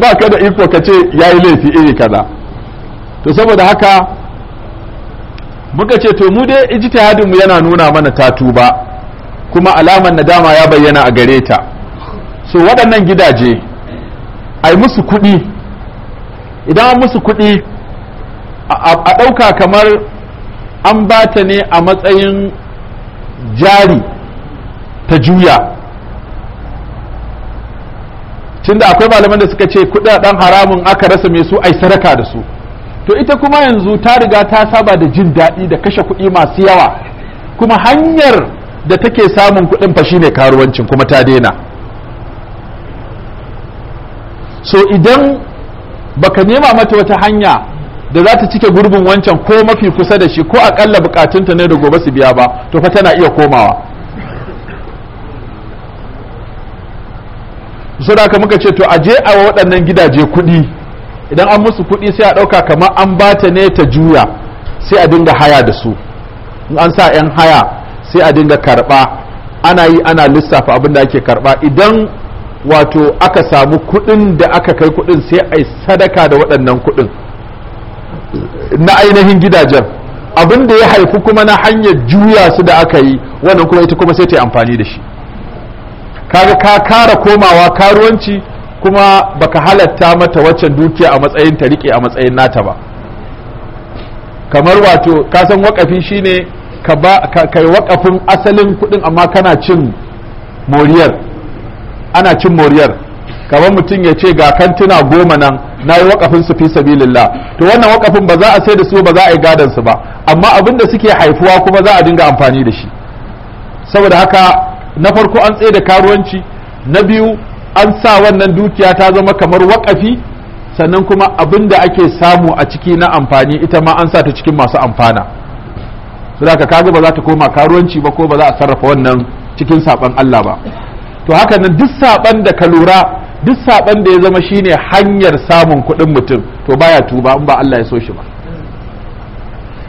ba ka da iko ka ce ya yi laifi iri kaza to saboda haka muka ce to mu dai mu yana nuna mana ta tuba kuma alamar nadama ya bayyana a gare ta so waɗannan gidaje a yi musu kuɗi idan an musu kuɗi a ɗauka kamar an ba ta ne a matsayin jari ta juya tunda akwai malaman da suka ce kudaden haramun aka rasa mai su ai saraka da su to ita kuma yanzu ta riga ta saba da jin daɗi da kashe kuɗi masu yawa kuma hanyar da take samun kuɗin fa shine karuwancin kuma ta daina so idan baka nema mata wata hanya da za ta cike gurbin wancan ko mafi kusa da shi ko akalla bukatunta ne da gobe su biya ba to fa tana iya komawa so da haka muka ce to a je a waɗannan gidaje kuɗi idan an musu kuɗi sai a ɗauka kamar an ba ta ne ta juya sai a dinga haya da su in an sa 'yan haya sai a dinga karɓa ana yi ana lissafa abin da ake karɓa idan wato aka samu kuɗin da aka kai kuɗin sai a yi sadaka da waɗannan kuɗin na ainihin gidajen abin da ya haifi kuma na hanyar juya su da aka yi wannan kuma ita kuma sai ta yi amfani da shi kaga ka kara komawa karuwanci kuma baka halatta mata waccan dukiya a matsayin ta rike a matsayin nata ba kamar wato ka san wakafi shine ka ba kai wakafin asalin kudin amma kana cin moriyar ana cin moriyar kamar mutum ya ce ga kantuna goma nan na yi wakafin su fi sabilillah to wannan wakafin ba za a sai da su ba za a yi gadon su ba amma abin da suke haifuwa kuma za a dinga amfani da shi saboda haka na farko an tsaye da karuwanci na biyu an sa wannan dukiya ta zama kamar wakafi sannan kuma abin da ake samu a ciki na amfani ita ma an sa ta cikin masu amfana ka kaga ba za ta koma karuwanci ba ko ba za a sarrafa wannan cikin saban Allah ba to haka nan duk saban da ka lura duk saban da ya zama shine hanyar samun kuɗin mutum to baya tuba in ba Allah ya so shi ba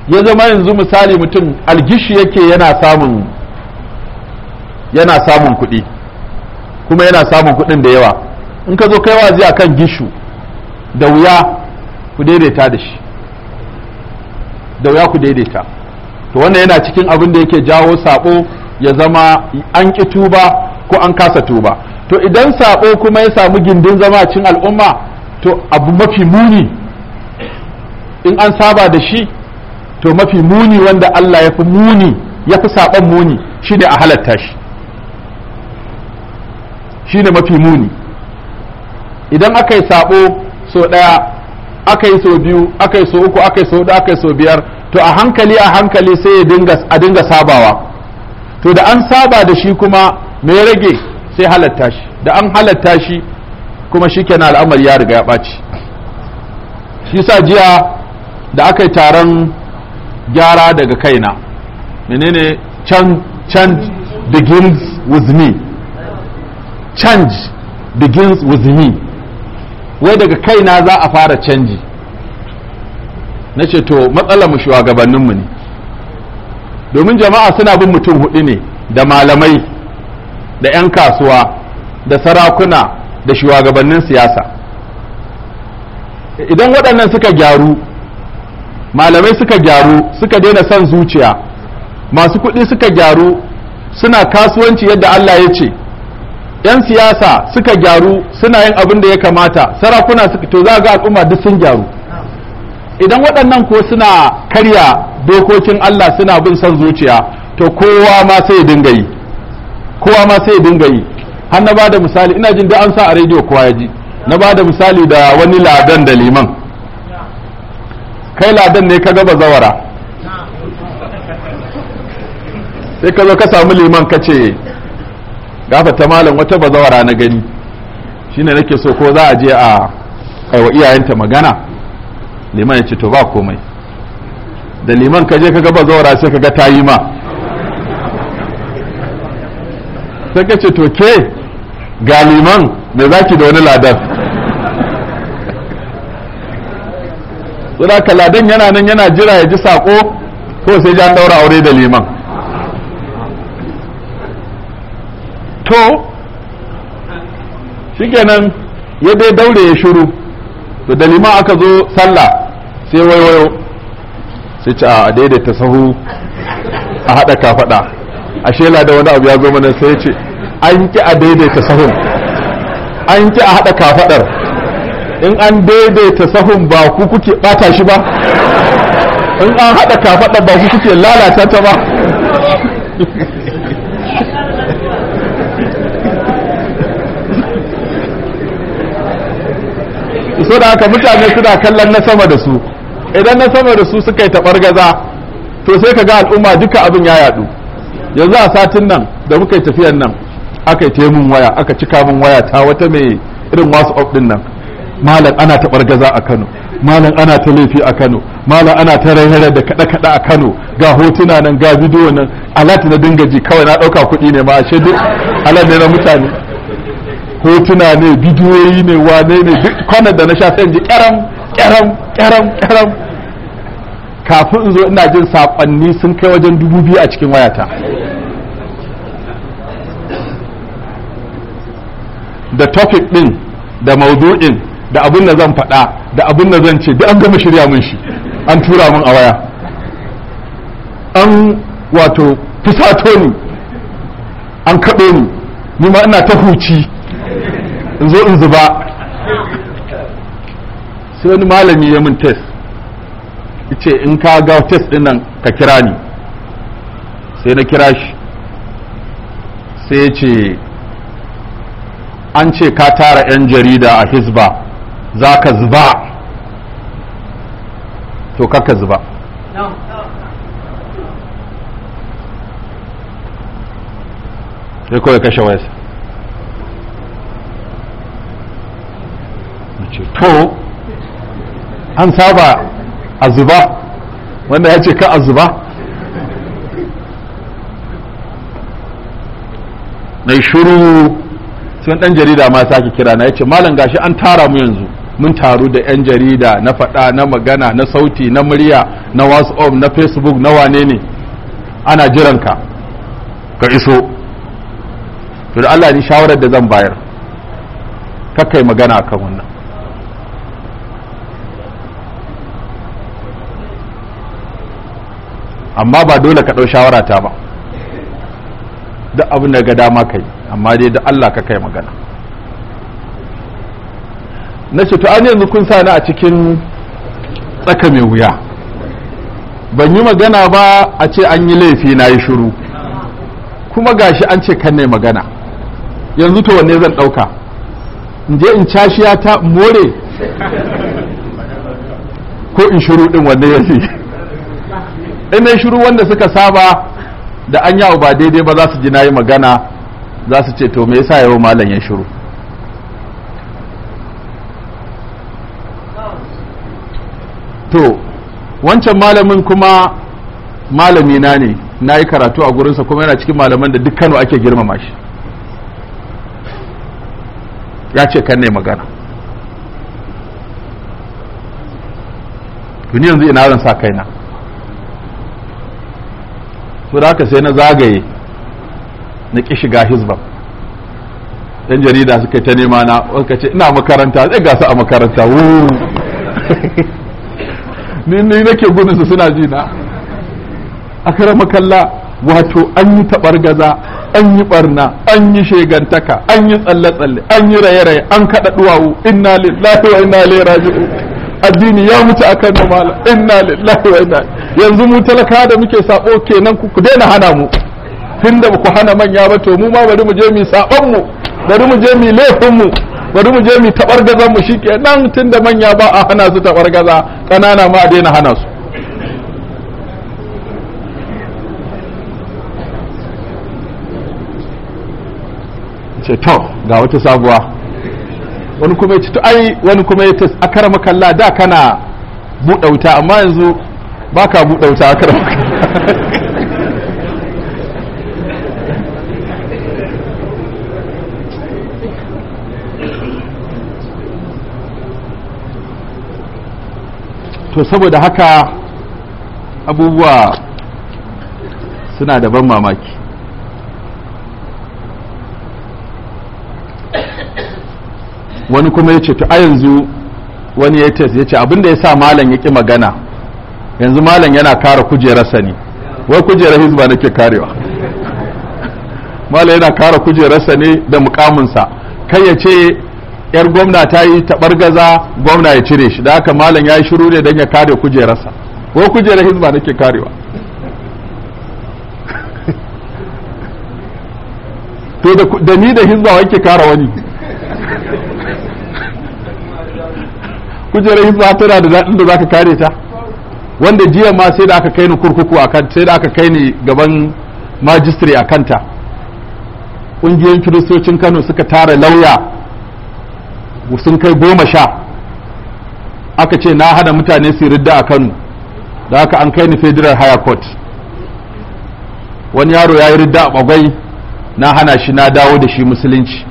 ya zama yanzu misali mutum algishi yake yana samun yana samun kuɗi kuma yana samun kuɗin da yawa in ka zo kai wazi a kan gishu da wuya ku daidaita da shi da wuya ku daidaita to wannan yana cikin abin da yake jawo sabo ya zama an ƙi tuba ko an kasa tuba to idan sabo kuma ya samu gindin zama cin al'umma to abu mafi muni in an saba da shi to mafi muni wanda Allah ya fi muni ya fi saban muni shi ne a halatta shi shi ne mafi muni idan aka yi sabo so ɗaya aka yi so biyu aka yi so uku aka yi so hudu aka yi so biyar to a hankali a hankali sai a dinga sabawa to da an saba da shi kuma me ya rage sai halatta shi da an halatta shi kuma shi kenan al'amari ya riga ya ɓaci shi sa jiya da aka yi taron gyara daga kaina menene can can begins with me change begins with me wai daga kaina za a fara canji na ce to matsalar mu shugabanninmu ne domin jama'a suna bin mutum hudu ne da malamai da 'yan kasuwa da sarakuna da shugabannin siyasa idan waɗannan suka gyaru malamai suka gyaru suka daina son zuciya masu kuɗi suka gyaru suna kasuwanci yadda Allah ya ce 'yan siyasa suka gyaru suna yin abin da ya kamata sarakuna to za ga al'umma duk sun gyaru idan waɗannan ko suna karya dokokin Allah suna bin son zuciya to kowa ma sai dinga yi kowa ma sai dinga yi har na bada misali ina jin duk an sa a rediyo kowa ya ji na bada misali da wani ladan da liman kai ladan ne ka gaba zawara sai ka zo ka samu liman ka ce gafa ta malam wata bazawara na gani shine nake so ko za a je a kaiwa iyayenta magana liman ya ce to ba komai da liman ka je kaga bazawara sai kaga ta yi ma sai ka ce to ke ga liman da zaki da wani ladan tsoraka ladan yana nan yana jira ya ji sako ko sai an daura aure da liman to shikenan ya dai daure ya shiru da dalima aka zo sallah sai waiwayo sai ci a daidaita sahu a haɗa kafaɗa a shela da wani abu ya zo mana sai ce an ki a daidaita sahun an ki a haɗa kafaɗar in an daidaita sahun ba ku kuke ɓata shi ba in an haɗa kafaɗar ba ku kuke lalata ta ba so da haka mutane suna kallon na sama da su idan na sama da su suka yi gaza to sai ka ga al'umma duka abin ya yadu yanzu a satin nan da muka yi tafiyan nan aka yi taimun waya aka cika min waya ta wata mai irin wasu of din nan malam ana ta gaza a Kano malam ana ta laifi a Kano malam ana ta raihara da kada kada a Kano ga hotuna nan ga bidiyo nan alat na dinga ji kawai na dauka kuɗi ne ma ashe duk alat ne na mutane hotuna ne bidiyoyi ne wane ne kwanar da na sha sai in ji kyaram kyaram kyaram kyaram kafin in zo ina jin sakonni sun kai wajen dubu biyu a cikin wayata da topic din da maudu'in da abin da zan faɗa da abin da zan ce duk an gama shirya mun shi an tura mun a waya an wato fusato ni an kaɗo ni ni ma ina ta huci in zo in zuba sai wani malami ya min test ce in ka ga test din nan ka kira ni sai na kira shi sai ya ce an ce ka tara 'yan jarida a hisba za ka zuba to kaka zuba sai kawai kashe wayarsa ce to an saba a wanda ya ce ka a zuba na shuru sai dan jarida ma sake kira na ya ce malam gashi an tara mu yanzu mun taru da 'yan jarida na fada na magana na sauti na murya na whatsapp na facebook na wane ne ana jiranka ka iso to da Allah ni shawarar da zan bayar kakai magana akan wannan amma ba dole ka ɗau shawara ta ba duk abin da ga dama ka yi amma dai da Allah ka kai magana na ce to an yanzu kun sa ni a cikin tsaka mai wuya ban yi magana ba a ce an yi laifi na yi shiru kuma gashi an ce kan ne magana yanzu to wanne zan ɗauka in je in cashiya ta more ko in shiru ɗin wanne ya fi in na shiru wanda suka saba da an yawo ba daidai ba za su ji nayi magana za su ce to me yasa yau malam ya shiru to wancan malamin kuma malami na ne na yi karatu a gurinsa kuma yana cikin malaman da duk Kano ake girmama shi ya ce kan ne magana duniyar yanzu ina ran sa kaina so da sai na zagaye na ƙi shiga hizba yan jarida suka ta nema na wanka ce ina makaranta zai gasa a makaranta wuu ni ni nake gudun su suna ji na akara makalla wato an yi gaza an yi barna an yi shegantaka an yi tsalle-tsalle an yi raye-raye an kaɗa duwawu inna lillahi wa inna ilaihi raji'un addini ya mutu akan kan malam inna lillahi wa inna yanzu mu talaka da muke sabo kenan ku ku daina hana mu tunda ba ku hana manya ba to mu ma bari mu je mu saban mu bari mu je mu lefin mu bari mu je mu tabar gazan mu shikenan tunda manya ba a hana su tabar gaza kanana ma a daina hana su ce to ga wata sabuwa wani kuma ya ci to ai wani kuma ya tas karama kalla da kana buɗe wuta amma yanzu baka ka buɗe wuta kalla. to saboda haka abubuwa suna da ban mamaki wani kuma ya ce to a yanzu wani ya ya ce abinda ya sa malam ya ƙi magana yanzu malam yana kare kujerarsa ne wai kujerar hizba nake karewa malam yana kare kujerarsa ne da mukaminsa kai ya ce yar gwamna ta yi gaza gwamna ya cire shi da haka malam ya yi shiru ne don ya kare kujerarsa wai kujerar hizba nake karewa to da ni da hizba wanke kare wani kujerar hizba tana da daɗin da za kare ta wanda jiya ma sai da aka kai ni kurkuku a sai da aka kai ni gaban majistare a kanta ƙungiyoyin kiristocin kano suka tara lauya sun kai goma sha aka ce na hana mutane su ridda a kano da haka an kai ni federal higher court wani yaro ya yi ridda a bagwai na hana shi na dawo da shi musulunci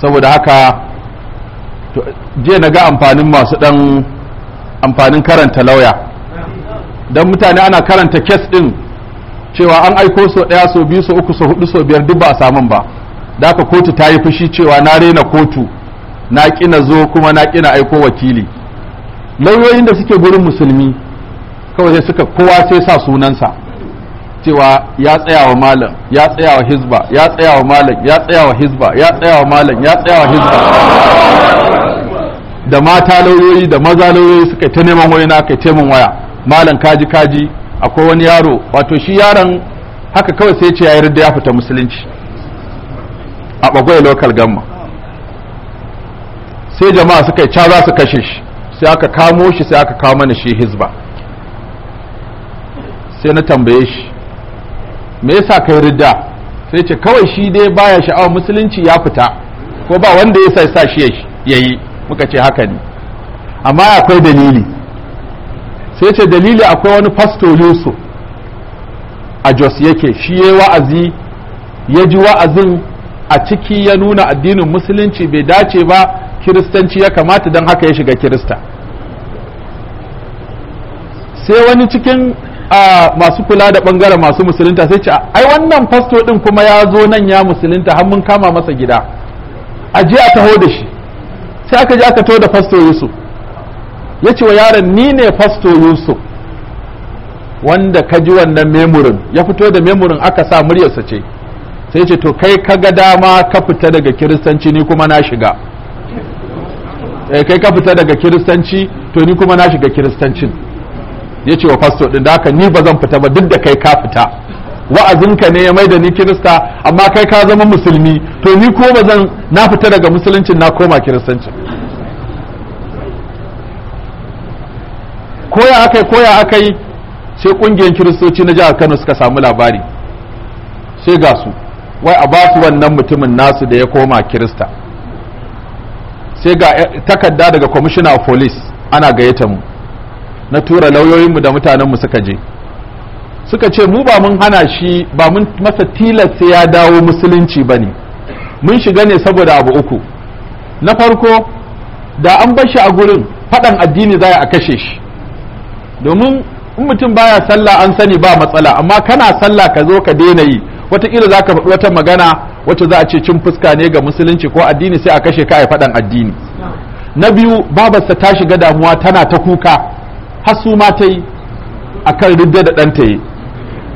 saboda haka je na ga amfanin masu dan amfanin karanta lauya don mutane ana karanta kes din cewa an aiko so ɗaya so biyu so uku so hudu so biyar duk ba a samun ba da aka kotu ta yi fushi cewa na rena kotu na kina zo kuma na kina aiko wakili lauyoyin da suke gurin musulmi kawai sai suka kowa sai sa sunansa cewa ya tsaya wa malam ya tsaya wa hizba ya tsaya wa malam ya tsaya wa hizba ya tsaya wa malam ya tsaya wa hizba da mata lauyoyi da maza lauyoyi suka ta neman wani na kai taimun waya malam kaji kaji akwai wani yaro wato shi yaron haka kawai sai ce ya yarda ya fita musulunci a bagwai local gamma sai jama'a suka yi za su kashe shi sai aka kamo shi sai aka kawo mana shi hizba sai na tambaye shi me yasa kai ridda sai ce kawai shi dai baya sha'awar musulunci ya fita ko ba wanda ya sa shi ya yi. muka ce haka ne amma akwai dalili sai ce dalili akwai wani pastor yusu a jos yake shi ya wa'azi ya ji wa'azin a ciki ya nuna addinin musulunci bai dace ba kiristanci ya kamata don haka ya shiga kirista sai wani cikin masu kula da bangaren masu musulunta sai ce ai wannan fasto din kuma ya zo nan ya musulunta har mun kama masa gida a je a taho da shi sai aka je aka to da fasto yusuf ya ce wa yaron ni ne fasto yusuf wanda ka ji wannan memurin ya fito da memurin aka sa muryarsa ce sai ce to kai ka ga dama ka fita daga kiristanci ni kuma na shiga eh kai ka fita daga kiristanci to ni kuma na shiga kiristancin ya ce wa fasto din da haka ni ba zan fita ba duk da kai ka fita wa'azinka ne ya mai da ni kirista amma kai ka zama musulmi to ni ko ba zan na fita daga musuluncin na koma kiristanci koya akai koya yi sai kungiyar kiristoci na jihar Kano suka samu labari sai ga su wai a ba su wannan mutumin nasu da ya koma kirista sai ga eh, takarda daga commissioner of police ana gayyata mu na tura lauyoyinmu da mutanenmu suka je suka ce mu ba mun hana shi ba mun masa tilas sai ya dawo musulunci ba ne mun shiga ne saboda abu uku na farko da an bar shi a gurin faɗan addini za a kashe shi domin in mutum baya sallah an sani ba matsala amma kana sallah ka zo ka daina yi wataƙila za ka faɗi wata magana wacce za a ce cin fuska ne ga musulunci ko addini sai a kashe ka a faɗan addini na biyu babarsa ta shiga damuwa tana ta kuka har su ma ta yi a kan ridda da ɗanta yi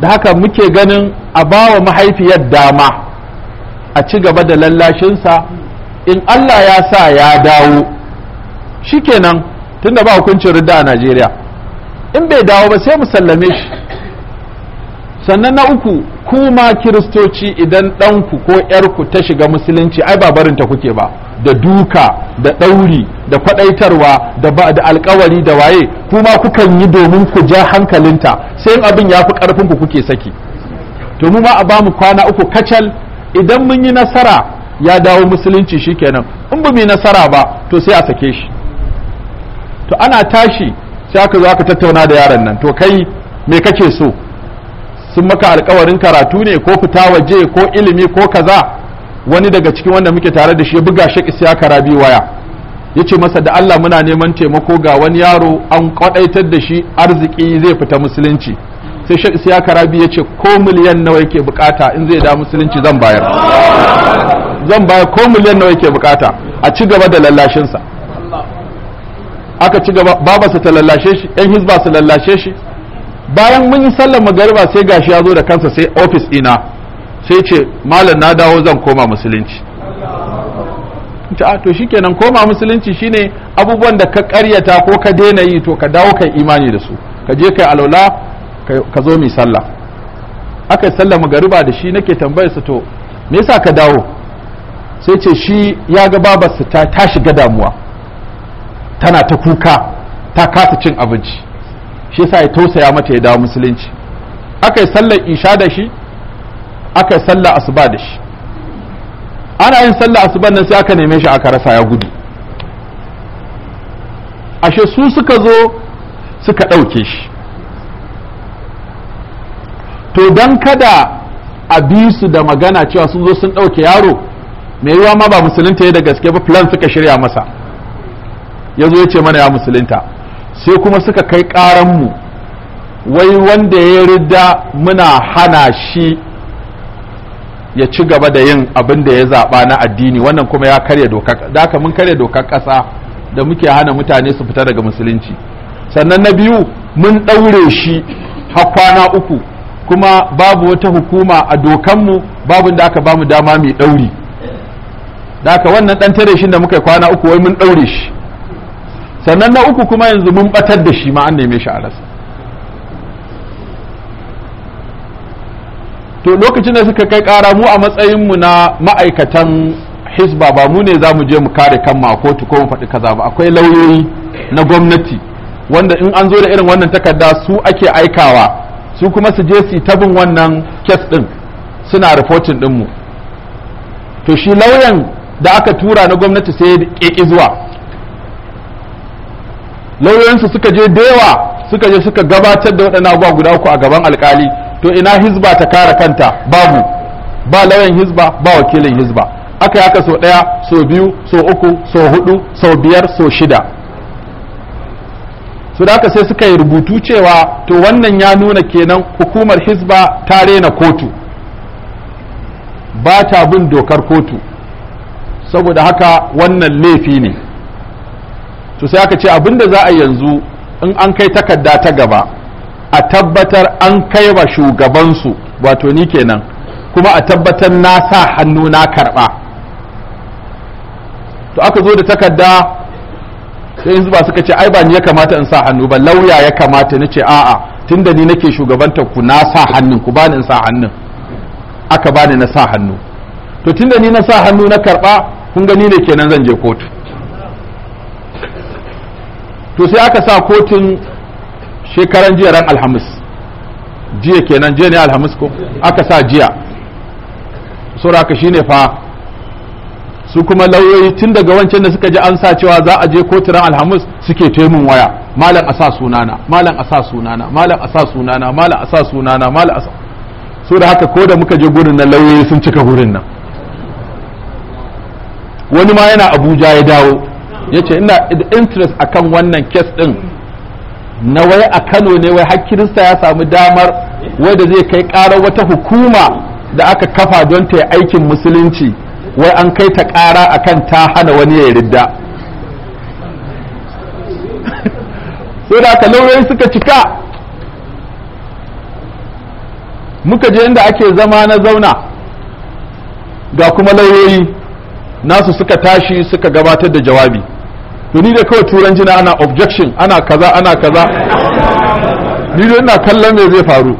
da haka muke ganin a bawa mahaifiyar dama a ci gaba da lallashinsa in Allah ya sa ya dawo shi tun da ba hukuncin ridda a Najeriya in bai dawo ba sai mu sallame shi sannan na uku kuma kiristoci idan ɗanku ko ‘yarku ta shiga musulunci ai ba ta kuke ba da duka da ɗauri da kwaɗaitarwa da ba da alkawari da waye kuma kukan yi domin ku ja hankalinta sai abin ya fi ku kuke saki to mu ma a ba mu kwana uku kacal idan mun yi nasara ya dawo musulunci shi kenan, in ba mu nasara ba to sai a sake shi to ana tashi sai aka zo aka tattauna da yaron nan to kai me kake so sun maka alkawarin karatu ne ko fita waje ko ilimi ko kaza wani daga cikin wanda muke tare da shi ya buga shi ya karabi waya ya ce masa da Allah muna neman taimako ga wani yaro an kwadaitar da shi arziki zai fita musulunci sai shi ya karabi ya ce ko miliyan nawa yake bukata in zai da musulunci zan bayar zan bayar ko miliyan nawa yake bukata a ci gaba da lallashinsa aka ci gaba babarsa ta lallashe shi yan hizba su lallashe shi bayan mun yi sallar magariba sai gashi ya zo da kansa sai ofis ina sai ce malam na dawo zan koma musulunci ta ah, to shikenan koma musulunci shine abubuwan da ka karyata ko ka daina yi to ka dawo kai imani da su ka je kai alola ka zo mai sallah aka yi sallar magariba da shi nake tambayar su to me yasa ka dawo sai ce shi ya ga babarsa ta shiga damuwa tana ta kuka ta kasa cin abinci shi yasa ya tausaya mata ya dawo musulunci aka yi sallar isha da shi aka sallar asuba da shi ana yin sallar asuba nan sai aka neme shi aka rasa ya gudu ashe su suka zo suka ɗauke shi to don kada a bi su da magana cewa sun zo sun ɗauke yaro mai ruwa ma ba musulunta ya da gaske ba plan suka shirya masa ya zo ya ce mana ya musulunta sai kuma suka kai ƙaranmu wai wanda ya yarda muna hana shi ya ci gaba da yin abin da ya zaɓa na addini wannan kuma ya karya dokar da mun karya dokar ƙasa da muke hana mutane su fita daga musulunci sannan na biyu mun ɗaure shi har kwana uku kuma babu wata hukuma a dokanmu babu da aka bamu dama mai ɗauri da aka wannan ɗan tare shi da muka kwana uku wai mun ɗaure shi sannan na uku kuma yanzu mun batar da shi ma an neme shi a rasa to lokacin da suka kai kara mu a matsayin mu na ma'aikatan hisba ba mu ne za mu je mu kare kan a kotu ko mu faɗi kaza ba akwai lauyoyi na gwamnati wanda in an zo da irin wannan takarda su ake aikawa su kuma su je su tabin wannan kes din suna reporting din mu to shi lauyan da aka tura na gwamnati sai ya ƙeƙi zuwa lauyoyinsu suka je dewa suka je suka gabatar da waɗannan abubuwa guda uku a gaban alkali to ina hizba ta kare kanta babu ba lauyan hizba ba wakilin hizba aka yi haka sau ɗaya sau biyu sau uku sau hudu sau biyar sau shida su da sai suka yi rubutu cewa to wannan ya nuna kenan hukumar hizba ta rena kotu ba ta bin dokar kotu saboda haka wannan laifi ne to sai aka ce abinda za a yanzu in an kai takarda ta gaba a tabbatar an kai wa shugabansu wato ni kenan kuma a tabbatar na sa hannu na karɓa to aka zo da takarda sai yanzu ba suka ce ai ba ni ya kamata in sa hannu ba lauya ya kamata ni ce a'a tunda ni nake shugabantar ku na sa hannun ku bani in sa hannun aka bani na sa hannu to tunda ni na sa hannu na karɓa kun gani ne kenan zan je kotu to sai aka sa kotun shekaran jiya ran alhamis jiya kenan jiya ne alhamis ko aka sa jiya ka shine fa su kuma lauyoyi tun daga wancan da suka ji an sa cewa za a je kotu ran alhamis suke taimun waya malam a sa sunana malam a sa sunana malam a sa sunana malam a sa sunana malam a sa so da haka ko da muka je gurin nan lauyoyi sun cika gurin nan wani ma yana abuja ya dawo ya ce ina da interest akan wannan kes ɗin na wai a kano ne wai har kirista ya samu damar wai da zai kai ƙarar wata hukuma da aka kafa don ta yi aikin musulunci wai an kai ta ƙara akan ta hana wani ya ridda sai da lauyoyi suka cika muka je inda ake zama na zauna ga kuma lauyoyi nasu suka tashi suka gabatar da jawabi to ni dai kawai turan jina ana objection ana kaza ana kaza ni dai ina kallon me zai faru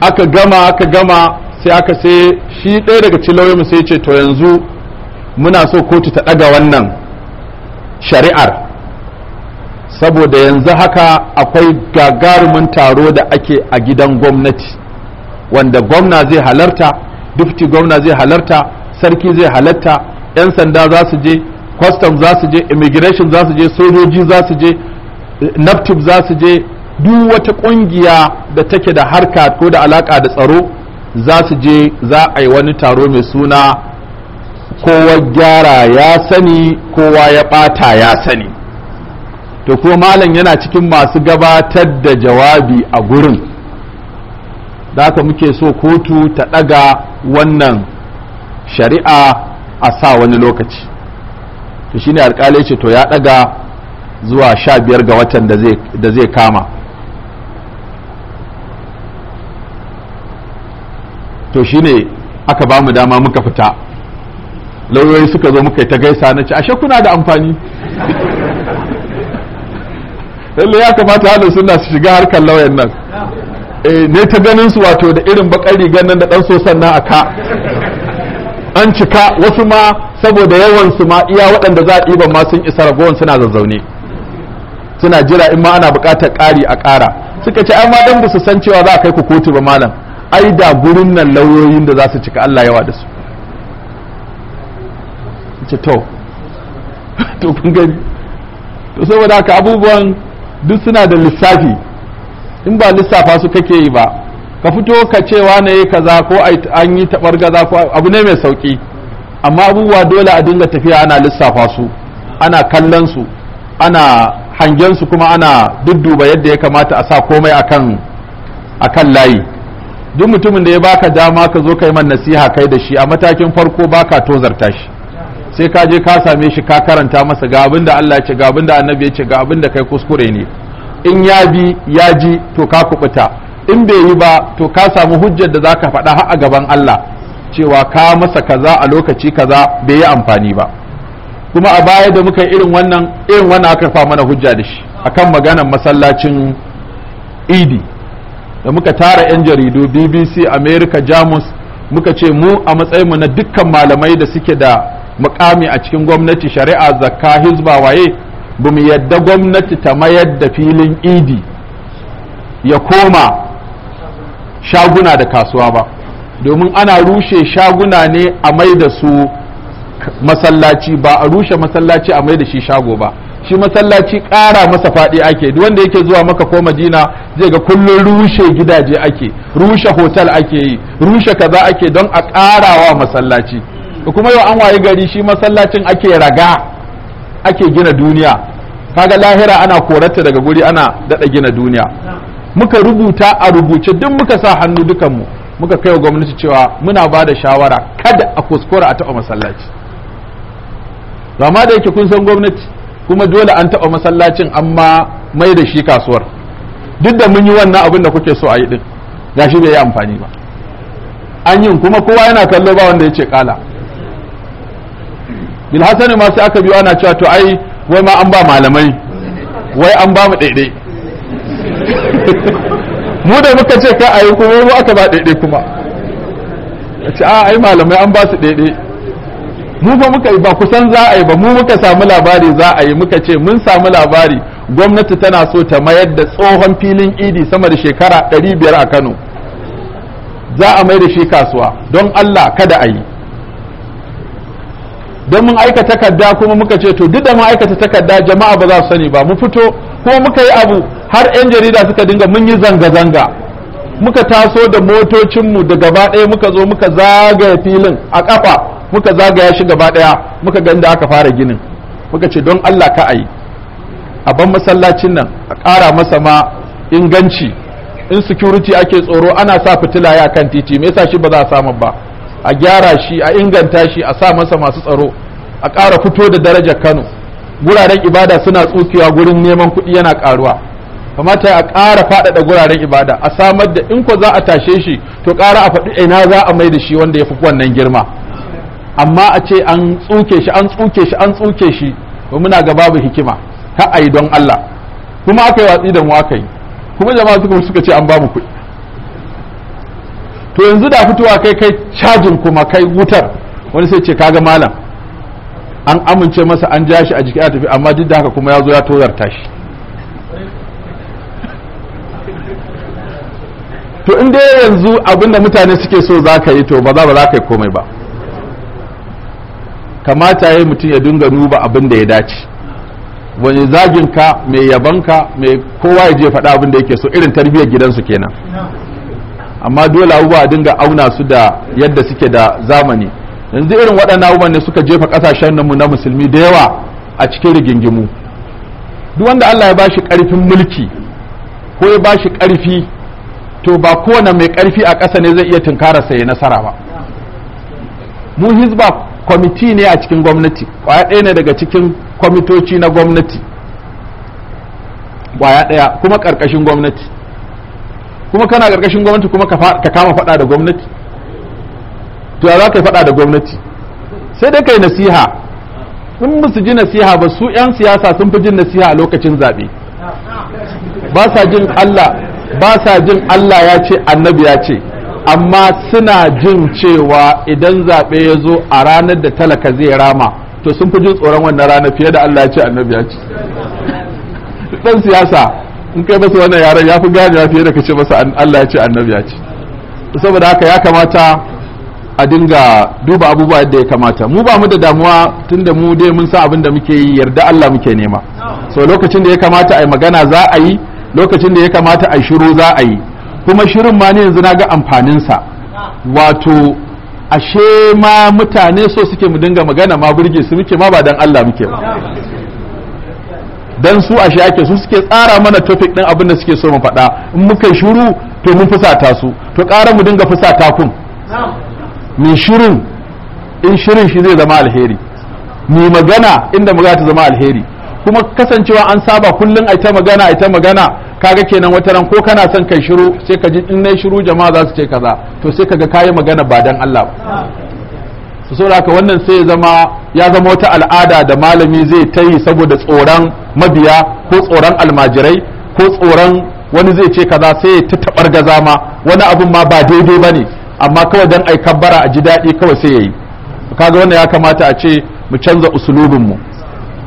aka gama aka gama sai aka sai shi ɗaya daga cikin mu sai ce to yanzu muna so kotu ta ɗaga wannan shari'ar saboda yanzu haka akwai gagarumin taro da ake a gidan gwamnati wanda gwamna zai halarta dufti gwamna zai halarta sarki zai halarta 'yan sanda za su je kwastam za su je immigration za su je sojoji za su je naftib za su je duk wata kungiya da take da harka ko da alaka da tsaro za su je za a yi wani taro mai suna kowa gyara ya sani kowa ya bata ya sani to kuma malam yana cikin masu gabatar da jawabi a gurin da haka muke so kotu ta ɗaga wannan shari'a a sa wani lokaci to shine alkali ce to ya daga zuwa sha biyar ga watan da zai kama to shine aka ba mu dama muka fita lauyoyi suka zo muka yi ta gaisa na ce ashe kuna da amfani lalle ya kamata halin suna su shiga harkar lauyan nan eh, ne ta ganin su wato da irin bakari rigar nan da dan sosan na aka an cika wasu ma saboda yawan su ma iya waɗanda za a ɗiban ma sun isa ragowar suna zazzaune suna jira in ma ana buƙatar ƙari a ƙara suka ce amma dan su san cewa za a kai ku kotu ba malam ai da gurin nan lauyoyin da za su cika Allah yawa da su ce to to kun gani to saboda haka abubuwan duk suna da lissafi in ba lissafa su kake yi ba ka fito ka cewa ne kaza ko an yi taɓar gaza ko abu ne mai sauki amma abubuwa dole a dinga tafiya ana lissafa su ana kallon su ana hangen su kuma ana dudduba yadda ya kamata a sa komai akan akan layi duk mutumin da ya baka dama ka zo kai man nasiha kai da shi a matakin farko baka tozarta shi sai ka je ka same shi ka karanta masa ga abin Allah ya ce ga abin annabi ya ce ga abin kai kuskure ne in ya bi ya ji to ka kubuta in bai yi ba to ka samu hujjar da zaka faɗa har a gaban Allah cewa ka masa kaza a lokaci kaza bai yi amfani ba kuma a baya da muka irin wannan irin wannan aka fa mana hujja da shi akan maganar masallacin idi da muka tara 'yan jaridu bbc america jamus muka ce mu a matsayin mu na dukkan malamai da suke da mukami a cikin gwamnati shari'a zakka hizba waye ba mu yadda gwamnati ta mayar da filin idi ya koma shaguna da kasuwa ba domin ana rushe shaguna ne a mai da su masallaci ba a rushe masallaci a mai da shi shago ba shi masallaci ƙara masa faɗi ake duk wanda yake zuwa maka ko madina zai ga kullum rushe gidaje ake rushe hotel ake yi rushe kaza ake don a ƙarawa masallaci kuma yau an waye gari shi masallacin ake raga ake gina duniya kaga lahira ana korata daga guri ana daɗa gina duniya muka rubuta a rubuce duk muka sa hannu dukanmu muka kai wa gwamnati cewa muna ba da shawara kada a kuskura a taɓa masallaci amma da yake kun san gwamnati kuma dole an taɓa masallacin amma mai da shi kasuwar duk da mun yi wannan abin da kuke so a yi din gashi bai yi amfani ba an yin kuma kowa yana kallo ba wanda ya ce kala bilhassani ma sai aka biyo ana cewa to ai wai ma an ba malamai wai an ba mu daidai mu da muka ce ka ayi kuma mu aka ba daidai kuma ce a ai malamai an ba su daidai mu fa muka yi ba kusan za a yi ba mu muka samu labari za a yi muka ce mun samu labari gwamnati tana so ta mayar da tsohon filin idi sama da shekara 500 a Kano za a mai da shi kasuwa don Allah kada a yi don mun aikata takarda kuma muka ce to duk da mun aikata takarda jama'a ba za su sani ba mu fito ko muka yi abu har 'yan jarida suka dinga mun yi zanga-zanga muka taso da motocinmu da gaba ɗaya muka zo muka zagaya filin a ƙafa muka zagaya shi gaba ɗaya muka ganda aka fara ginin muka ce don Allah ka a yi a ban masallacin nan a ƙara masa ma inganci in security ake tsoro ana sa fitila ya kan titi me yasa shi ba za a samu ba a gyara shi a inganta shi a sa masa masu tsaro a ƙara fito da darajar Kano guraren ibada suna tsukewa gurin neman kuɗi yana ƙaruwa kamata a ƙara faɗaɗa guraren ibada a samar da in ko za a tashe shi to ƙara a faɗi ina za a mai da shi wanda ya fi wannan girma amma a ce an tsuke shi an tsuke shi an tsuke shi to muna ga babu hikima ka a don Allah kuma aka watsi da mu aka yi kuma jama'a suka suka ce an babu kuɗi to yanzu da fitowa kai kai cajin kuma kai wutar wani sai ce kaga malam an amince masa an ja shi a jiki a tafi amma duk da haka kuma ya zo ya tozarta shi to in dai yanzu abinda mutane suke so za ka yi to ba za ba za ka yi komai ba kamata ya yi mutum ya dinga duba abinda ya dace wani zaginka mai yabanka mai kowa ya je faɗa abinda da yake so irin tarbiyyar gidansu kenan amma dole abubuwa dinga auna su da yadda suke da zamani yanzu irin waɗannan abubuwan ne suka jefa ƙasashen namu na musulmi da yawa a cikin rigingimu duk wanda Allah ya bashi ƙarfin mulki ko ya bashi ƙarfi to ba kowane mai ƙarfi a ƙasa ne zai iya tunkararsa ya nasara ba mu hizba kwamiti ne a cikin gwamnati ƙwaya ɗaya ne daga cikin kwamitoci na gwamnati ƙwaya ɗaya kuma ƙarƙashin gwamnati kuma kana ƙarƙashin gwamnati kuma ka kama faɗa da gwamnati to ya za ka faɗa da gwamnati sai dai kai nasiha in musu ji nasiha ba su 'yan siyasa sun fi jin nasiha a lokacin zaɓe ba sa jin Allah ba sa jin Allah ya ce annabi ya ce amma suna jin cewa idan zaɓe ya zo a ranar da talaka zai rama to sun fi jin tsoron wannan rana fiye da Allah ya ce annabi ya ce dan siyasa in kai masa wannan yaran ya fi ganewa fiye da ka ce masa Allah ya ce annabi ya ce saboda haka ya kamata a dinga duba abubuwa yadda ya kamata mu ba mu da damuwa tunda mu dai mun sa abin da muke yi yarda Allah muke nema so lokacin da ya kamata a magana za a yi lokacin da ya kamata a shiru za a yi kuma shirin ma ne yanzu na ga amfanin sa wato ashe ma mutane so suke mu dinga magana ma burge su muke ma ba dan Allah muke ba dan su ashe ake su suke tsara mana topic din abin da suke so mu faɗa in muka shiru to mun fusata su to ƙara mu dinga fusata kun mai shirin in shirin shi zai zama alheri mai magana inda magana ta zama alheri kuma kasancewa an saba kullum a ta magana a ta magana kaga kenan wata ran ko kana son kai shiru sai ka ji in nayi shiru jama'a za su ce kaza to sai kaga kayi magana ba dan Allah ba su saboda haka wannan sai ya zama ya zama wata al'ada da malami zai ta yi saboda tsoron mabiya ko tsoron almajirai ko tsoron wani zai ce kaza sai ta tabar gaza ma wani abun ma ba daidai bane amma kawai dan ai kabbara a ji daɗi kawai sai yayi kaga wannan ya kamata a ce mu canza usulubinmu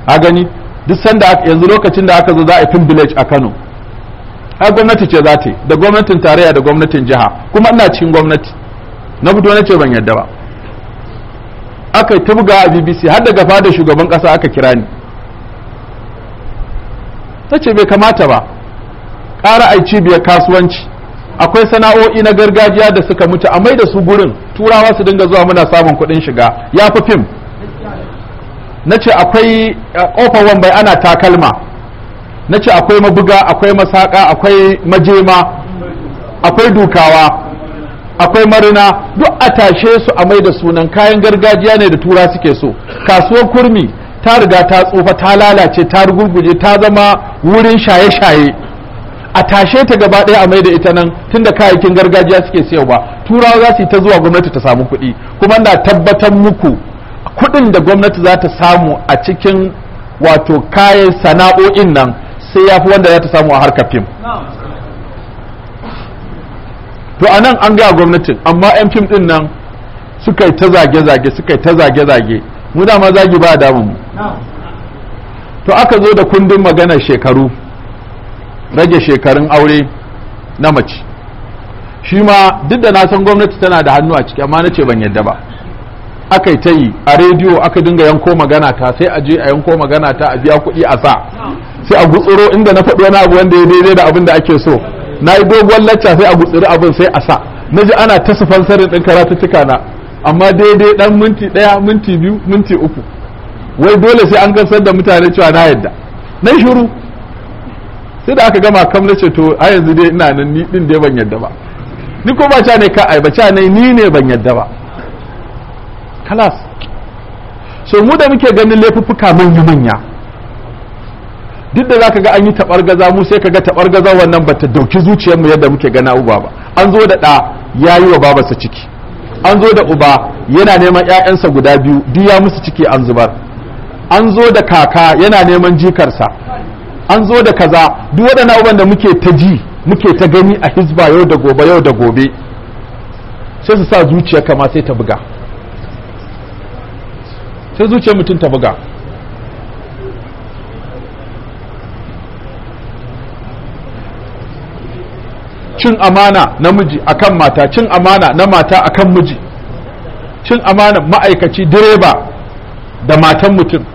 a gani duk sanda yanzu lokacin da aka zo za a yi fin village a Kano a gwamnati ce za ta yi da gwamnatin tarayya da gwamnatin jiha kuma ina cikin gwamnati na fito na ce ban yadda ba aka yi ta buga a bbc har daga fada shugaban kasa aka kira ni ta ce bai kamata ba ƙara aici cibiyar kasuwanci akwai sana'o'i na gargajiya da suka mutu a mai da su gurin turawa su dinga zuwa muna samun kuɗin shiga ya fi fim na ce akwai eh, ƙofar wambai ana takalma na ce akwai mabuga akwai masaka akwai majema akwai dukawa akwai marina duk a tashe su a mai da sunan kayan gargajiya ne da tura suke so kasuwar kurmi ta riga ta tsufa ta lalace ta rugurguje ta zama wurin shaye-shaye a tashe ta gaba ɗaya a mai da ita nan tunda kayayyakin gargajiya suke sayarwa turawa za su yi ta zuwa gwamnati ta samu kuɗi kuma na tabbatar muku kuɗin da gwamnati za ta samu a cikin wato kayan sana'o'in nan sai ya fi wanda za ta samu a harkar fim to a nan an ga gwamnatin amma 'yan fim ɗin nan suka yi ta zage-zage suka yi ta zage-zage mu dama zagi ba damu to aka zo da kundin maganar shekaru rage shekarun aure na mace shi ma duk da na san gwamnati tana da hannu a ciki amma na ce ban yadda ba aka yi ta yi a rediyo aka dinga yanko magana ta sai a je a yanko magana ta a biya kuɗi a sa sai a gutsuro inda na faɗi wani abu wanda ya daidai da abin da ake so na yi doguwar lacca sai a gutsuri abin sai a sa na ji ana ta fansarin ɗin karatuttuka na amma daidai ɗan minti ɗaya minti biyu minti uku wai dole sai an gansar da mutane cewa na yadda na shuru sai da aka gama kam ce to a yanzu dai ina nan ni din dai ban yadda ba ni ko ba ne ka ai ba ca ni ne ban yadda ba kalas so mu da muke ganin laifuffuka yi manya duk da zaka ga an yi gaza mu sai kaga gaza wannan bata dauki zuciyar mu yadda muke gana uba ba an zo da ɗa yayi wa babarsa ciki an zo da uba yana neman ƴaƴansa guda biyu duk ya musu ciki an zubar an zo da kaka yana neman jikarsa an zo da kaza duk waɗannan abubuwan da muke ta ji muke ta gani a hizba yau da gobe yau da gobe sai su sa zuciya kama sai ta buga sai zuciyar mutum ta buga cin amana na miji akan mata cin amana na mata akan miji cin amana ma'aikaci direba da matan mutum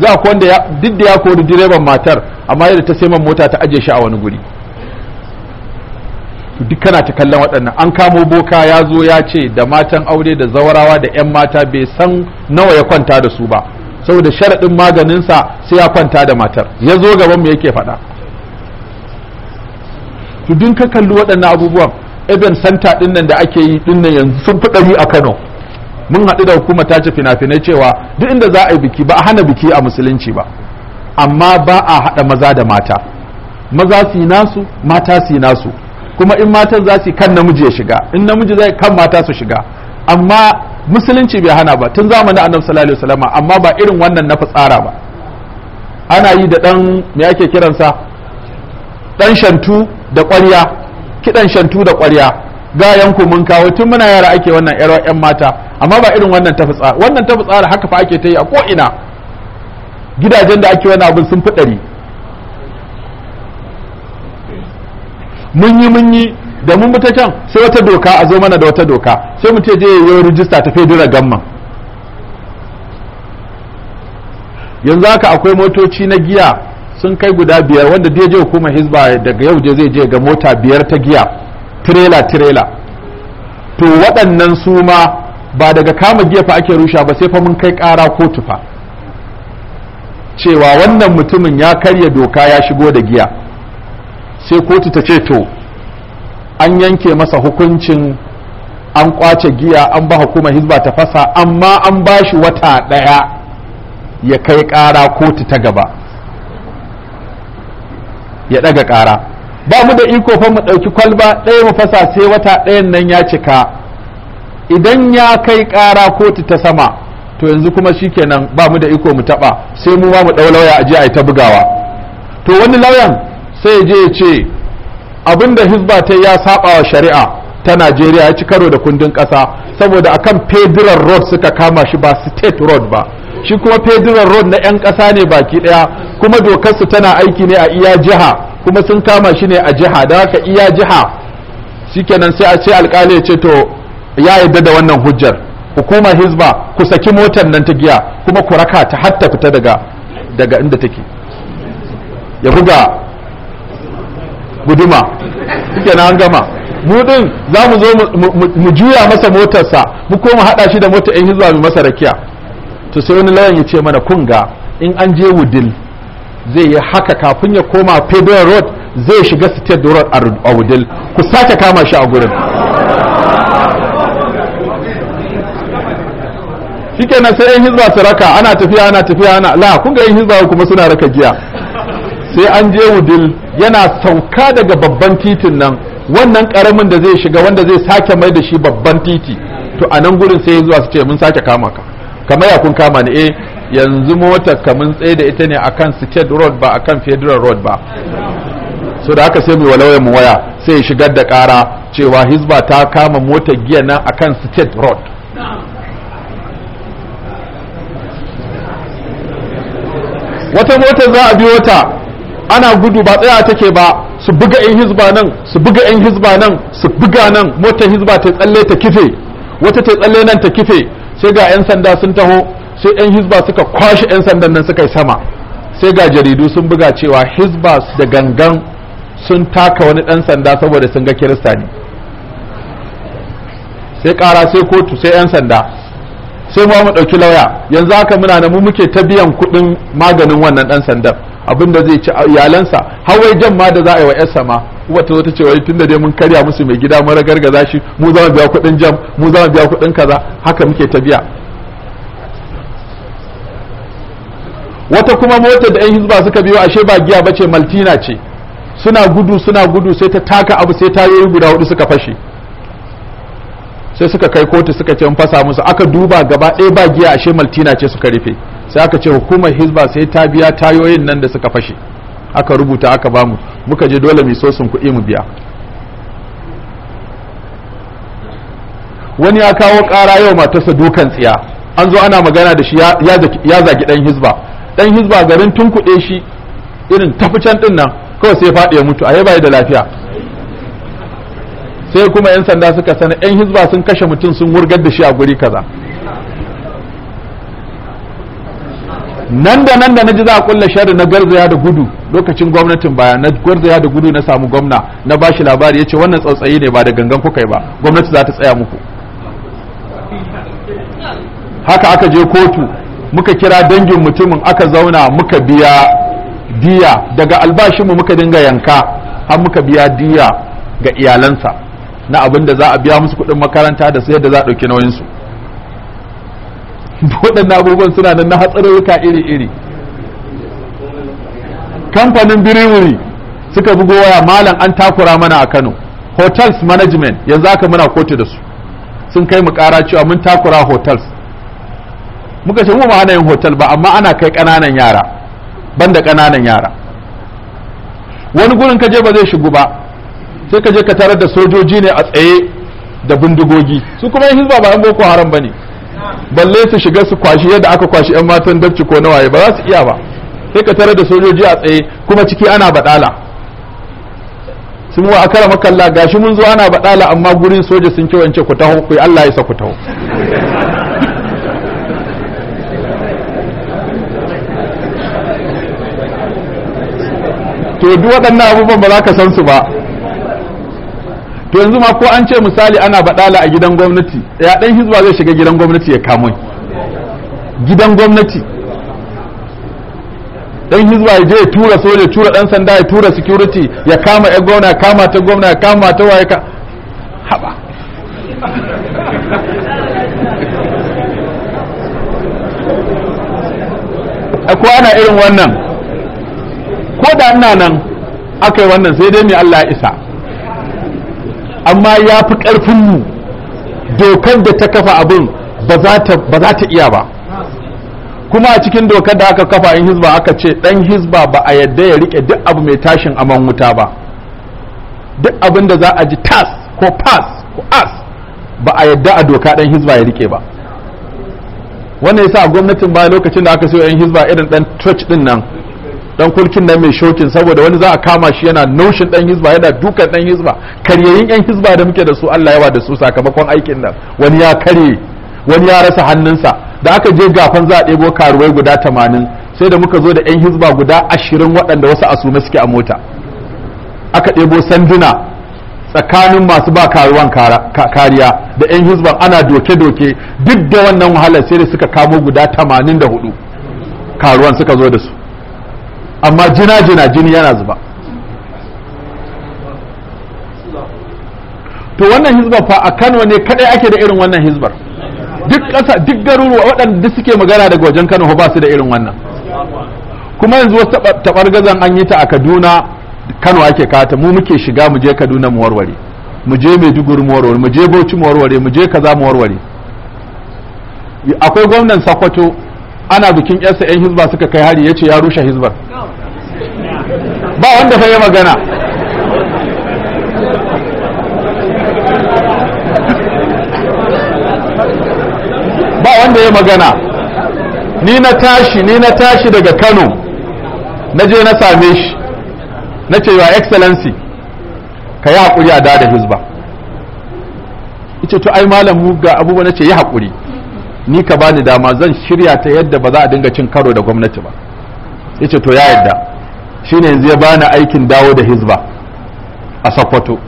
za ku wanda duk da ya kori direban matar amma yadda ta man mota ta aje shi a wani guri duk kana ta kallon waɗannan an kamo boka ya zo ya ce da matan aure da zawarawa da 'yan mata bai san nawa ya kwanta da su ba saboda sharaɗin maganinsa sai ya kwanta da matar ya zo gaban mu yake faɗa to duk ka kalli waɗannan abubuwan Eben santa ɗin da ake yi ɗinnan yanzu sun fi ɗari a kano mun haɗu da hukuma ta tace fina-finai cewa duk inda za a yi biki ba a hana biki a musulunci ba amma ba a haɗa maza da mata maza su yi nasu mata su nasu kuma in mata za su kan namiji ya shiga in namiji zai kan mata su shiga amma musulunci bai hana ba tun zamani annabi sallallahu alaihi wasallam amma ba irin wannan na fitsara ba ana yi da dan me ake kiransa dan shantu da ƙwarya kiɗan shantu da ƙwarya gayan ku mun kawo tun muna yara ake wannan yaro yan mata amma ba irin wannan ta fitsara wannan ta da haka fa ake ta yi a ko'ina gidajen da ake wannan abin sun fi ɗari mun yi mun yi da mun ta can sai wata doka a zo mana da wata doka sai mu ce je yi rijista ta federal gamma yanzu haka akwai motoci na giya sun kai guda biyar wanda da je hukumar hizba daga yau je zai je ga mota biyar ta giya tirela tirela to waɗannan su ma ba daga kama giya ake rusha ba sai fa mun kai ƙara ko tufa cewa wannan mutumin ya karya doka ya shigo da giya sai kotu ta ce to an yanke masa hukuncin an kwace giya an ba hukuma hizba ta fasa amma an ba shi wata ɗaya ya kai ƙara kotu ta gaba ya ɗaga ƙara ba mu da iko fa mu ɗauki kwalba ɗaya mu fasa sai wata ɗayan nan ya cika idan ya kai ƙara kotu ta sama to yanzu kuma shikenan ba mu da iko mu taɓa sai mu ba mu ɗau lauya a je a yi ta bugawa to wani lauyan sai je ya ce abin da hizba ta ya saba wa shari'a ta najeriya ya ci karo da kundin ƙasa saboda akan federal road suka kama shi ba state road ba shi kuma federal road na 'yan ƙasa ne baki ɗaya kuma dokarsu tana aiki ne a iya jiha kuma sun kama shi ne a jiha da haka iya jiha shikenan sai a ce alkali ya ce to ya yadda da wannan hujjar hukuma hizba ku saki motar nan ta giya kuma ku raka ta har ta fita daga daga inda take ya buga guduma shikenan na gama mu din za mu zo mu juya masa motarsa mu koma hada shi da motar yan hizba mu masa rakiya to sai wani lawan ya ce mana kunga in an je wudil zai yi haka kafin ya koma federal road zai shiga state road a wudil ku sake kama shi a gurin shikenan sai yan hizba su raka ana tafiya ana tafiya ana la kun ga yan hizba kuma suna raka giya sai an je wudil yana sauka daga babban titin nan wannan karamin da zai shiga wanda zai sake mai da shi babban titi to a nan gurin sai zuwa su ce mun sake kama ka kamar ya kun kama ni eh yanzu motar kamun tsaye da ita ne a kan state road ba a kan federal road ba so da haka sai mai walawaya mu waya sai ya shigar da kara cewa hizba ta kama motar giya nan a kan state road wata motar za a biyo ta ana gudu ba tsaya take ba su buga yan hizba nan su buga yan hizba nan su buga nan motar hizba ta tsalle ta kife wata ta tsalle nan ta kife sai ga 'yan sanda sun taho sai 'yan hizba suka kwashe 'yan sandan nan suka yi sama sai ga jaridu sun buga cewa hizba da gangan sun taka wani ɗan sanda saboda sun ga kirista ne sai ƙara sai kotu sai 'yan sanda sai ma mu ɗauki lauya yanzu haka muna na mu muke ta biyan kuɗin maganin wannan ɗan sandan abin da zai ci iyalansa hawai jan ma da za a yi wa 'yarsa ma wata ta ce wai da dai mun karya musu mai gida mun ragargaza shi mu zama biya kuɗin jam mu zama biya kuɗin kaza haka muke ta biya wata kuma motar da 'yan hizba suka biyo ashe ba giya bace maltina ce suna gudu suna gudu sai ta taka abu sai tayoyi guda hudu suka fashe sai suka kai kotu suka ce fasa musu aka duba gaba ɗaya ba giya ashe maltina ce suka rufe sai aka ce hukumar hizba sai ta biya tayoyin nan da suka fashe aka rubuta aka bamu muka je dole mu so kuɗi mu biya wani ya kawo ƙara yau matarsa dukan tsiya an zo ana magana da shi ya zagi ɗan hizba dan hizba garin tunkuɗe shi irin tafucan din nan kawai sai faɗi ya mutu a yaba da lafiya sai kuma 'yan sanda suka san 'yan hizba sun kashe mutum sun wurgar da shi a guri kaza nan da nan da na ji za a kulla sharri na garzaya da gudu lokacin gwamnatin baya na garzaya da gudu na samu gwamna na ba shi labari ya ce wannan tsautsayi ne ba da gangan kuka yi ba gwamnati za ta tsaya muku haka aka je kotu muka kira dangin mutumin aka zauna muka biya diya daga albashinmu muka dinga yanka har muka biya diya ga iyalansa na abin da za a biya musu kuɗin makaranta da sai da za a ɗauki nauyinsu waɗannan abubuwan suna nan na hatsarurruka iri-iri kamfanin biriwuri suka bugo waya malam an takura mana a kano hotels management yanzu aka muna kotu da su sun kai mu kara cewa mun takura hotels muka ce mu ba ana yin hotel ba amma ana kai ƙananan yara banda ƙananan yara wani gurin ka je ba zai shigo ba sai ka je ka tarar da sojoji ne a tsaye da bindigogi su kuma yin hizba ba yan boko haram ba ne balle su shiga su kwashi yadda aka kwashi yan matan dabci ko nawaye ba za su iya ba sai ka tarar da sojoji a tsaye kuma ciki ana badala sun wa akara makalla gashi mun zo ana badala amma gurin soja sun kiwance ku taho ku Allah ya sa taho to duk waɗannan abubuwan ba za ka san su ba to yanzu ma ko an ce misali ana baɗala a gidan gwamnati ya ɗan hizba zai shiga gidan gwamnati ya kamo gidan gwamnati ɗan hizba ya je ya tura soja tura ɗan sanda ya tura security ya kama ya gwamna ya kama ta gwamna ya kama ta waye ka haɓa akwai ana irin wannan ko da ina nan aka yi wannan sai dai mai Allah ya isa amma ya fi ƙarfin dokar da ta kafa abin ba za ta iya ba kuma a cikin dokar da aka kafa in hizba aka ce ɗan hizba ba a yadda ya rike duk abu mai tashin aman wuta ba duk abin da za a ji tas ko pas ko as ba a yadda a doka ɗan hizba ya rike ba wannan yasa gwamnatin baya lokacin da aka sayo yan hizba irin ɗan church din nan dan kulkin nan mai shokin saboda wani za a kama shi yana naushin dan hizba yana dukan dan hizba karyayin yan hizba da muke da su Allah yawa da su sakamakon aikin nan wani ya kare wani ya rasa hannunsa da aka je gafan za a ɗebo karuwai guda tamanin sai da muka zo da yan hizba guda ashirin waɗanda wasu asume suke a mota aka ɗebo sanduna tsakanin masu ba karuwan kariya da yan hizba ana doke-doke duk da wannan wahalar sai da suka kamo guda tamanin da hudu karuwan suka zo da su amma jina jina jini yana zuba to wannan hizbar fa a Kano ne kadai ake da irin wannan hizbar duk ƙasa duk garuruwa waɗanda suke magana daga wajen Kano ba su da irin wannan kuma yanzu wasu tabargazan an yi ta a Kaduna Kano ake kata mu muke shiga mu je Kaduna mu warware mu je Maiduguri mu warware mu je Bauchi mu warware mu je kaza mu warware akwai gwamnan Sokoto ana bikin yarsa yan hizba suka kai hari ya ce ya rushe hizbar ba wanda fa ya magana ba wanda ya magana ni na tashi ni na tashi daga kano na je na same shi na ce wa excellency ka yi haƙuri a da hizba ita to ai malam ga abubuwa na ce yi haƙuri ni ka bani dama zan shirya ta yadda ba za a dinga cin karo da gwamnati ba yace to ya yadda shine yanzu ya bani aikin dawo da hizba a Sokoto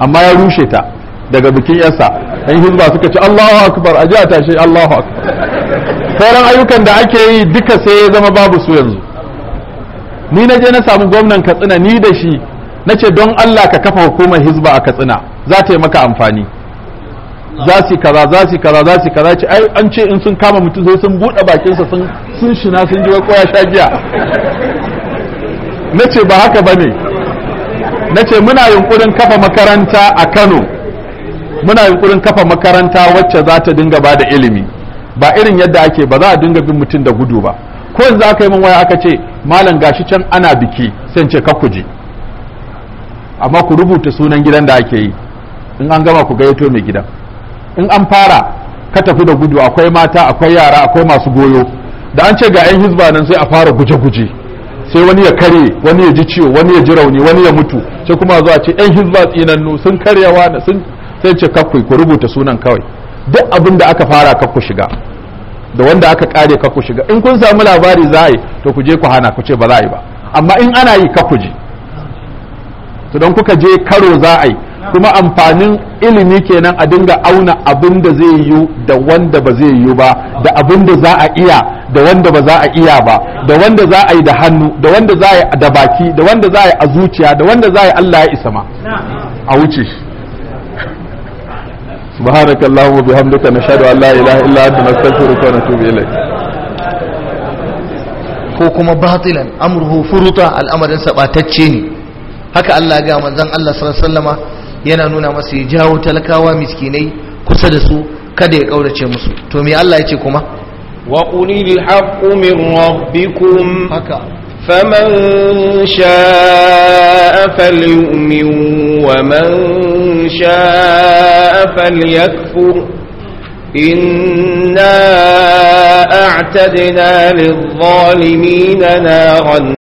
amma ya rushe ta daga bikin yasa ɗan hizba suka ce Allahu akbar a a tashi Allahu akbar sauran ayyukan da ake yi duka sai ya zama babu su yanzu ni na je na samu gwamnan Katsina ni da shi na ce don Allah ka kafa hukumar hizba a Katsina za ta yi maka amfani za su kaza za su kaza za su kaza ce ai an ce in sun kama mutum sai sun buɗe bakinsa sun sun shina sun ji ko ya sha giya na ce ba haka ba ne na ce muna yunkurin kafa makaranta a kano muna yunkurin kafa makaranta wacce za ta dinga ba da ilimi ba irin yadda ake ba za a dinga bin mutum da gudu ba ko yanzu aka yi min waya aka ce malam gashi can ana biki sai in ce je amma ku rubuta sunan gidan da ake yi in an gama ku gayyato mai gidan in an fara ka tafi da gudu akwai mata akwai yara akwai masu goyo da an ce ga 'yan hizba nan sai a fara guje-guje sai wani ya kare wani ya ji ciwo wani ya ji rauni wani ya mutu sai kuma zuwa ce 'yan hizba tsinannu sun karyawa na sun sai ce kakwai ku rubuta sunan kawai duk abin da aka fara kakku shiga da wanda aka kare kakku shiga in kun samu labari za a yi to ku je ku hana ku ce ba za a yi ba amma in ana yi kakku je to don kuka je karo za a yi kuma amfanin ilimi kenan a dinga auna abin da zai yiwu da wanda ba zai yiwu ba da abin da za a iya da wanda ba za a iya ba da wanda za a yi da hannu da wanda za a yi da baki da wanda za a yi a zuciya da wanda za a yi Allah ya isa ma a wuce subhanakallahu wa bihamdika nashhadu an la ilaha illa anta nastaghfiruka wa natubu ilayk ko kuma batilan amruhu furuta al'amarin sabatacce ne haka Allah ga manzon Allah sallallahu alaihi wasallama yana nuna masa ya jawo talakawa miskinai kusa da su kada ya kaurace musu to me Allah ya kuma wa qulil haqqu min rabbikum haka faman sha'a falyu'min wa man sha'a falyakfur إنا أعتدنا للظالمين نارا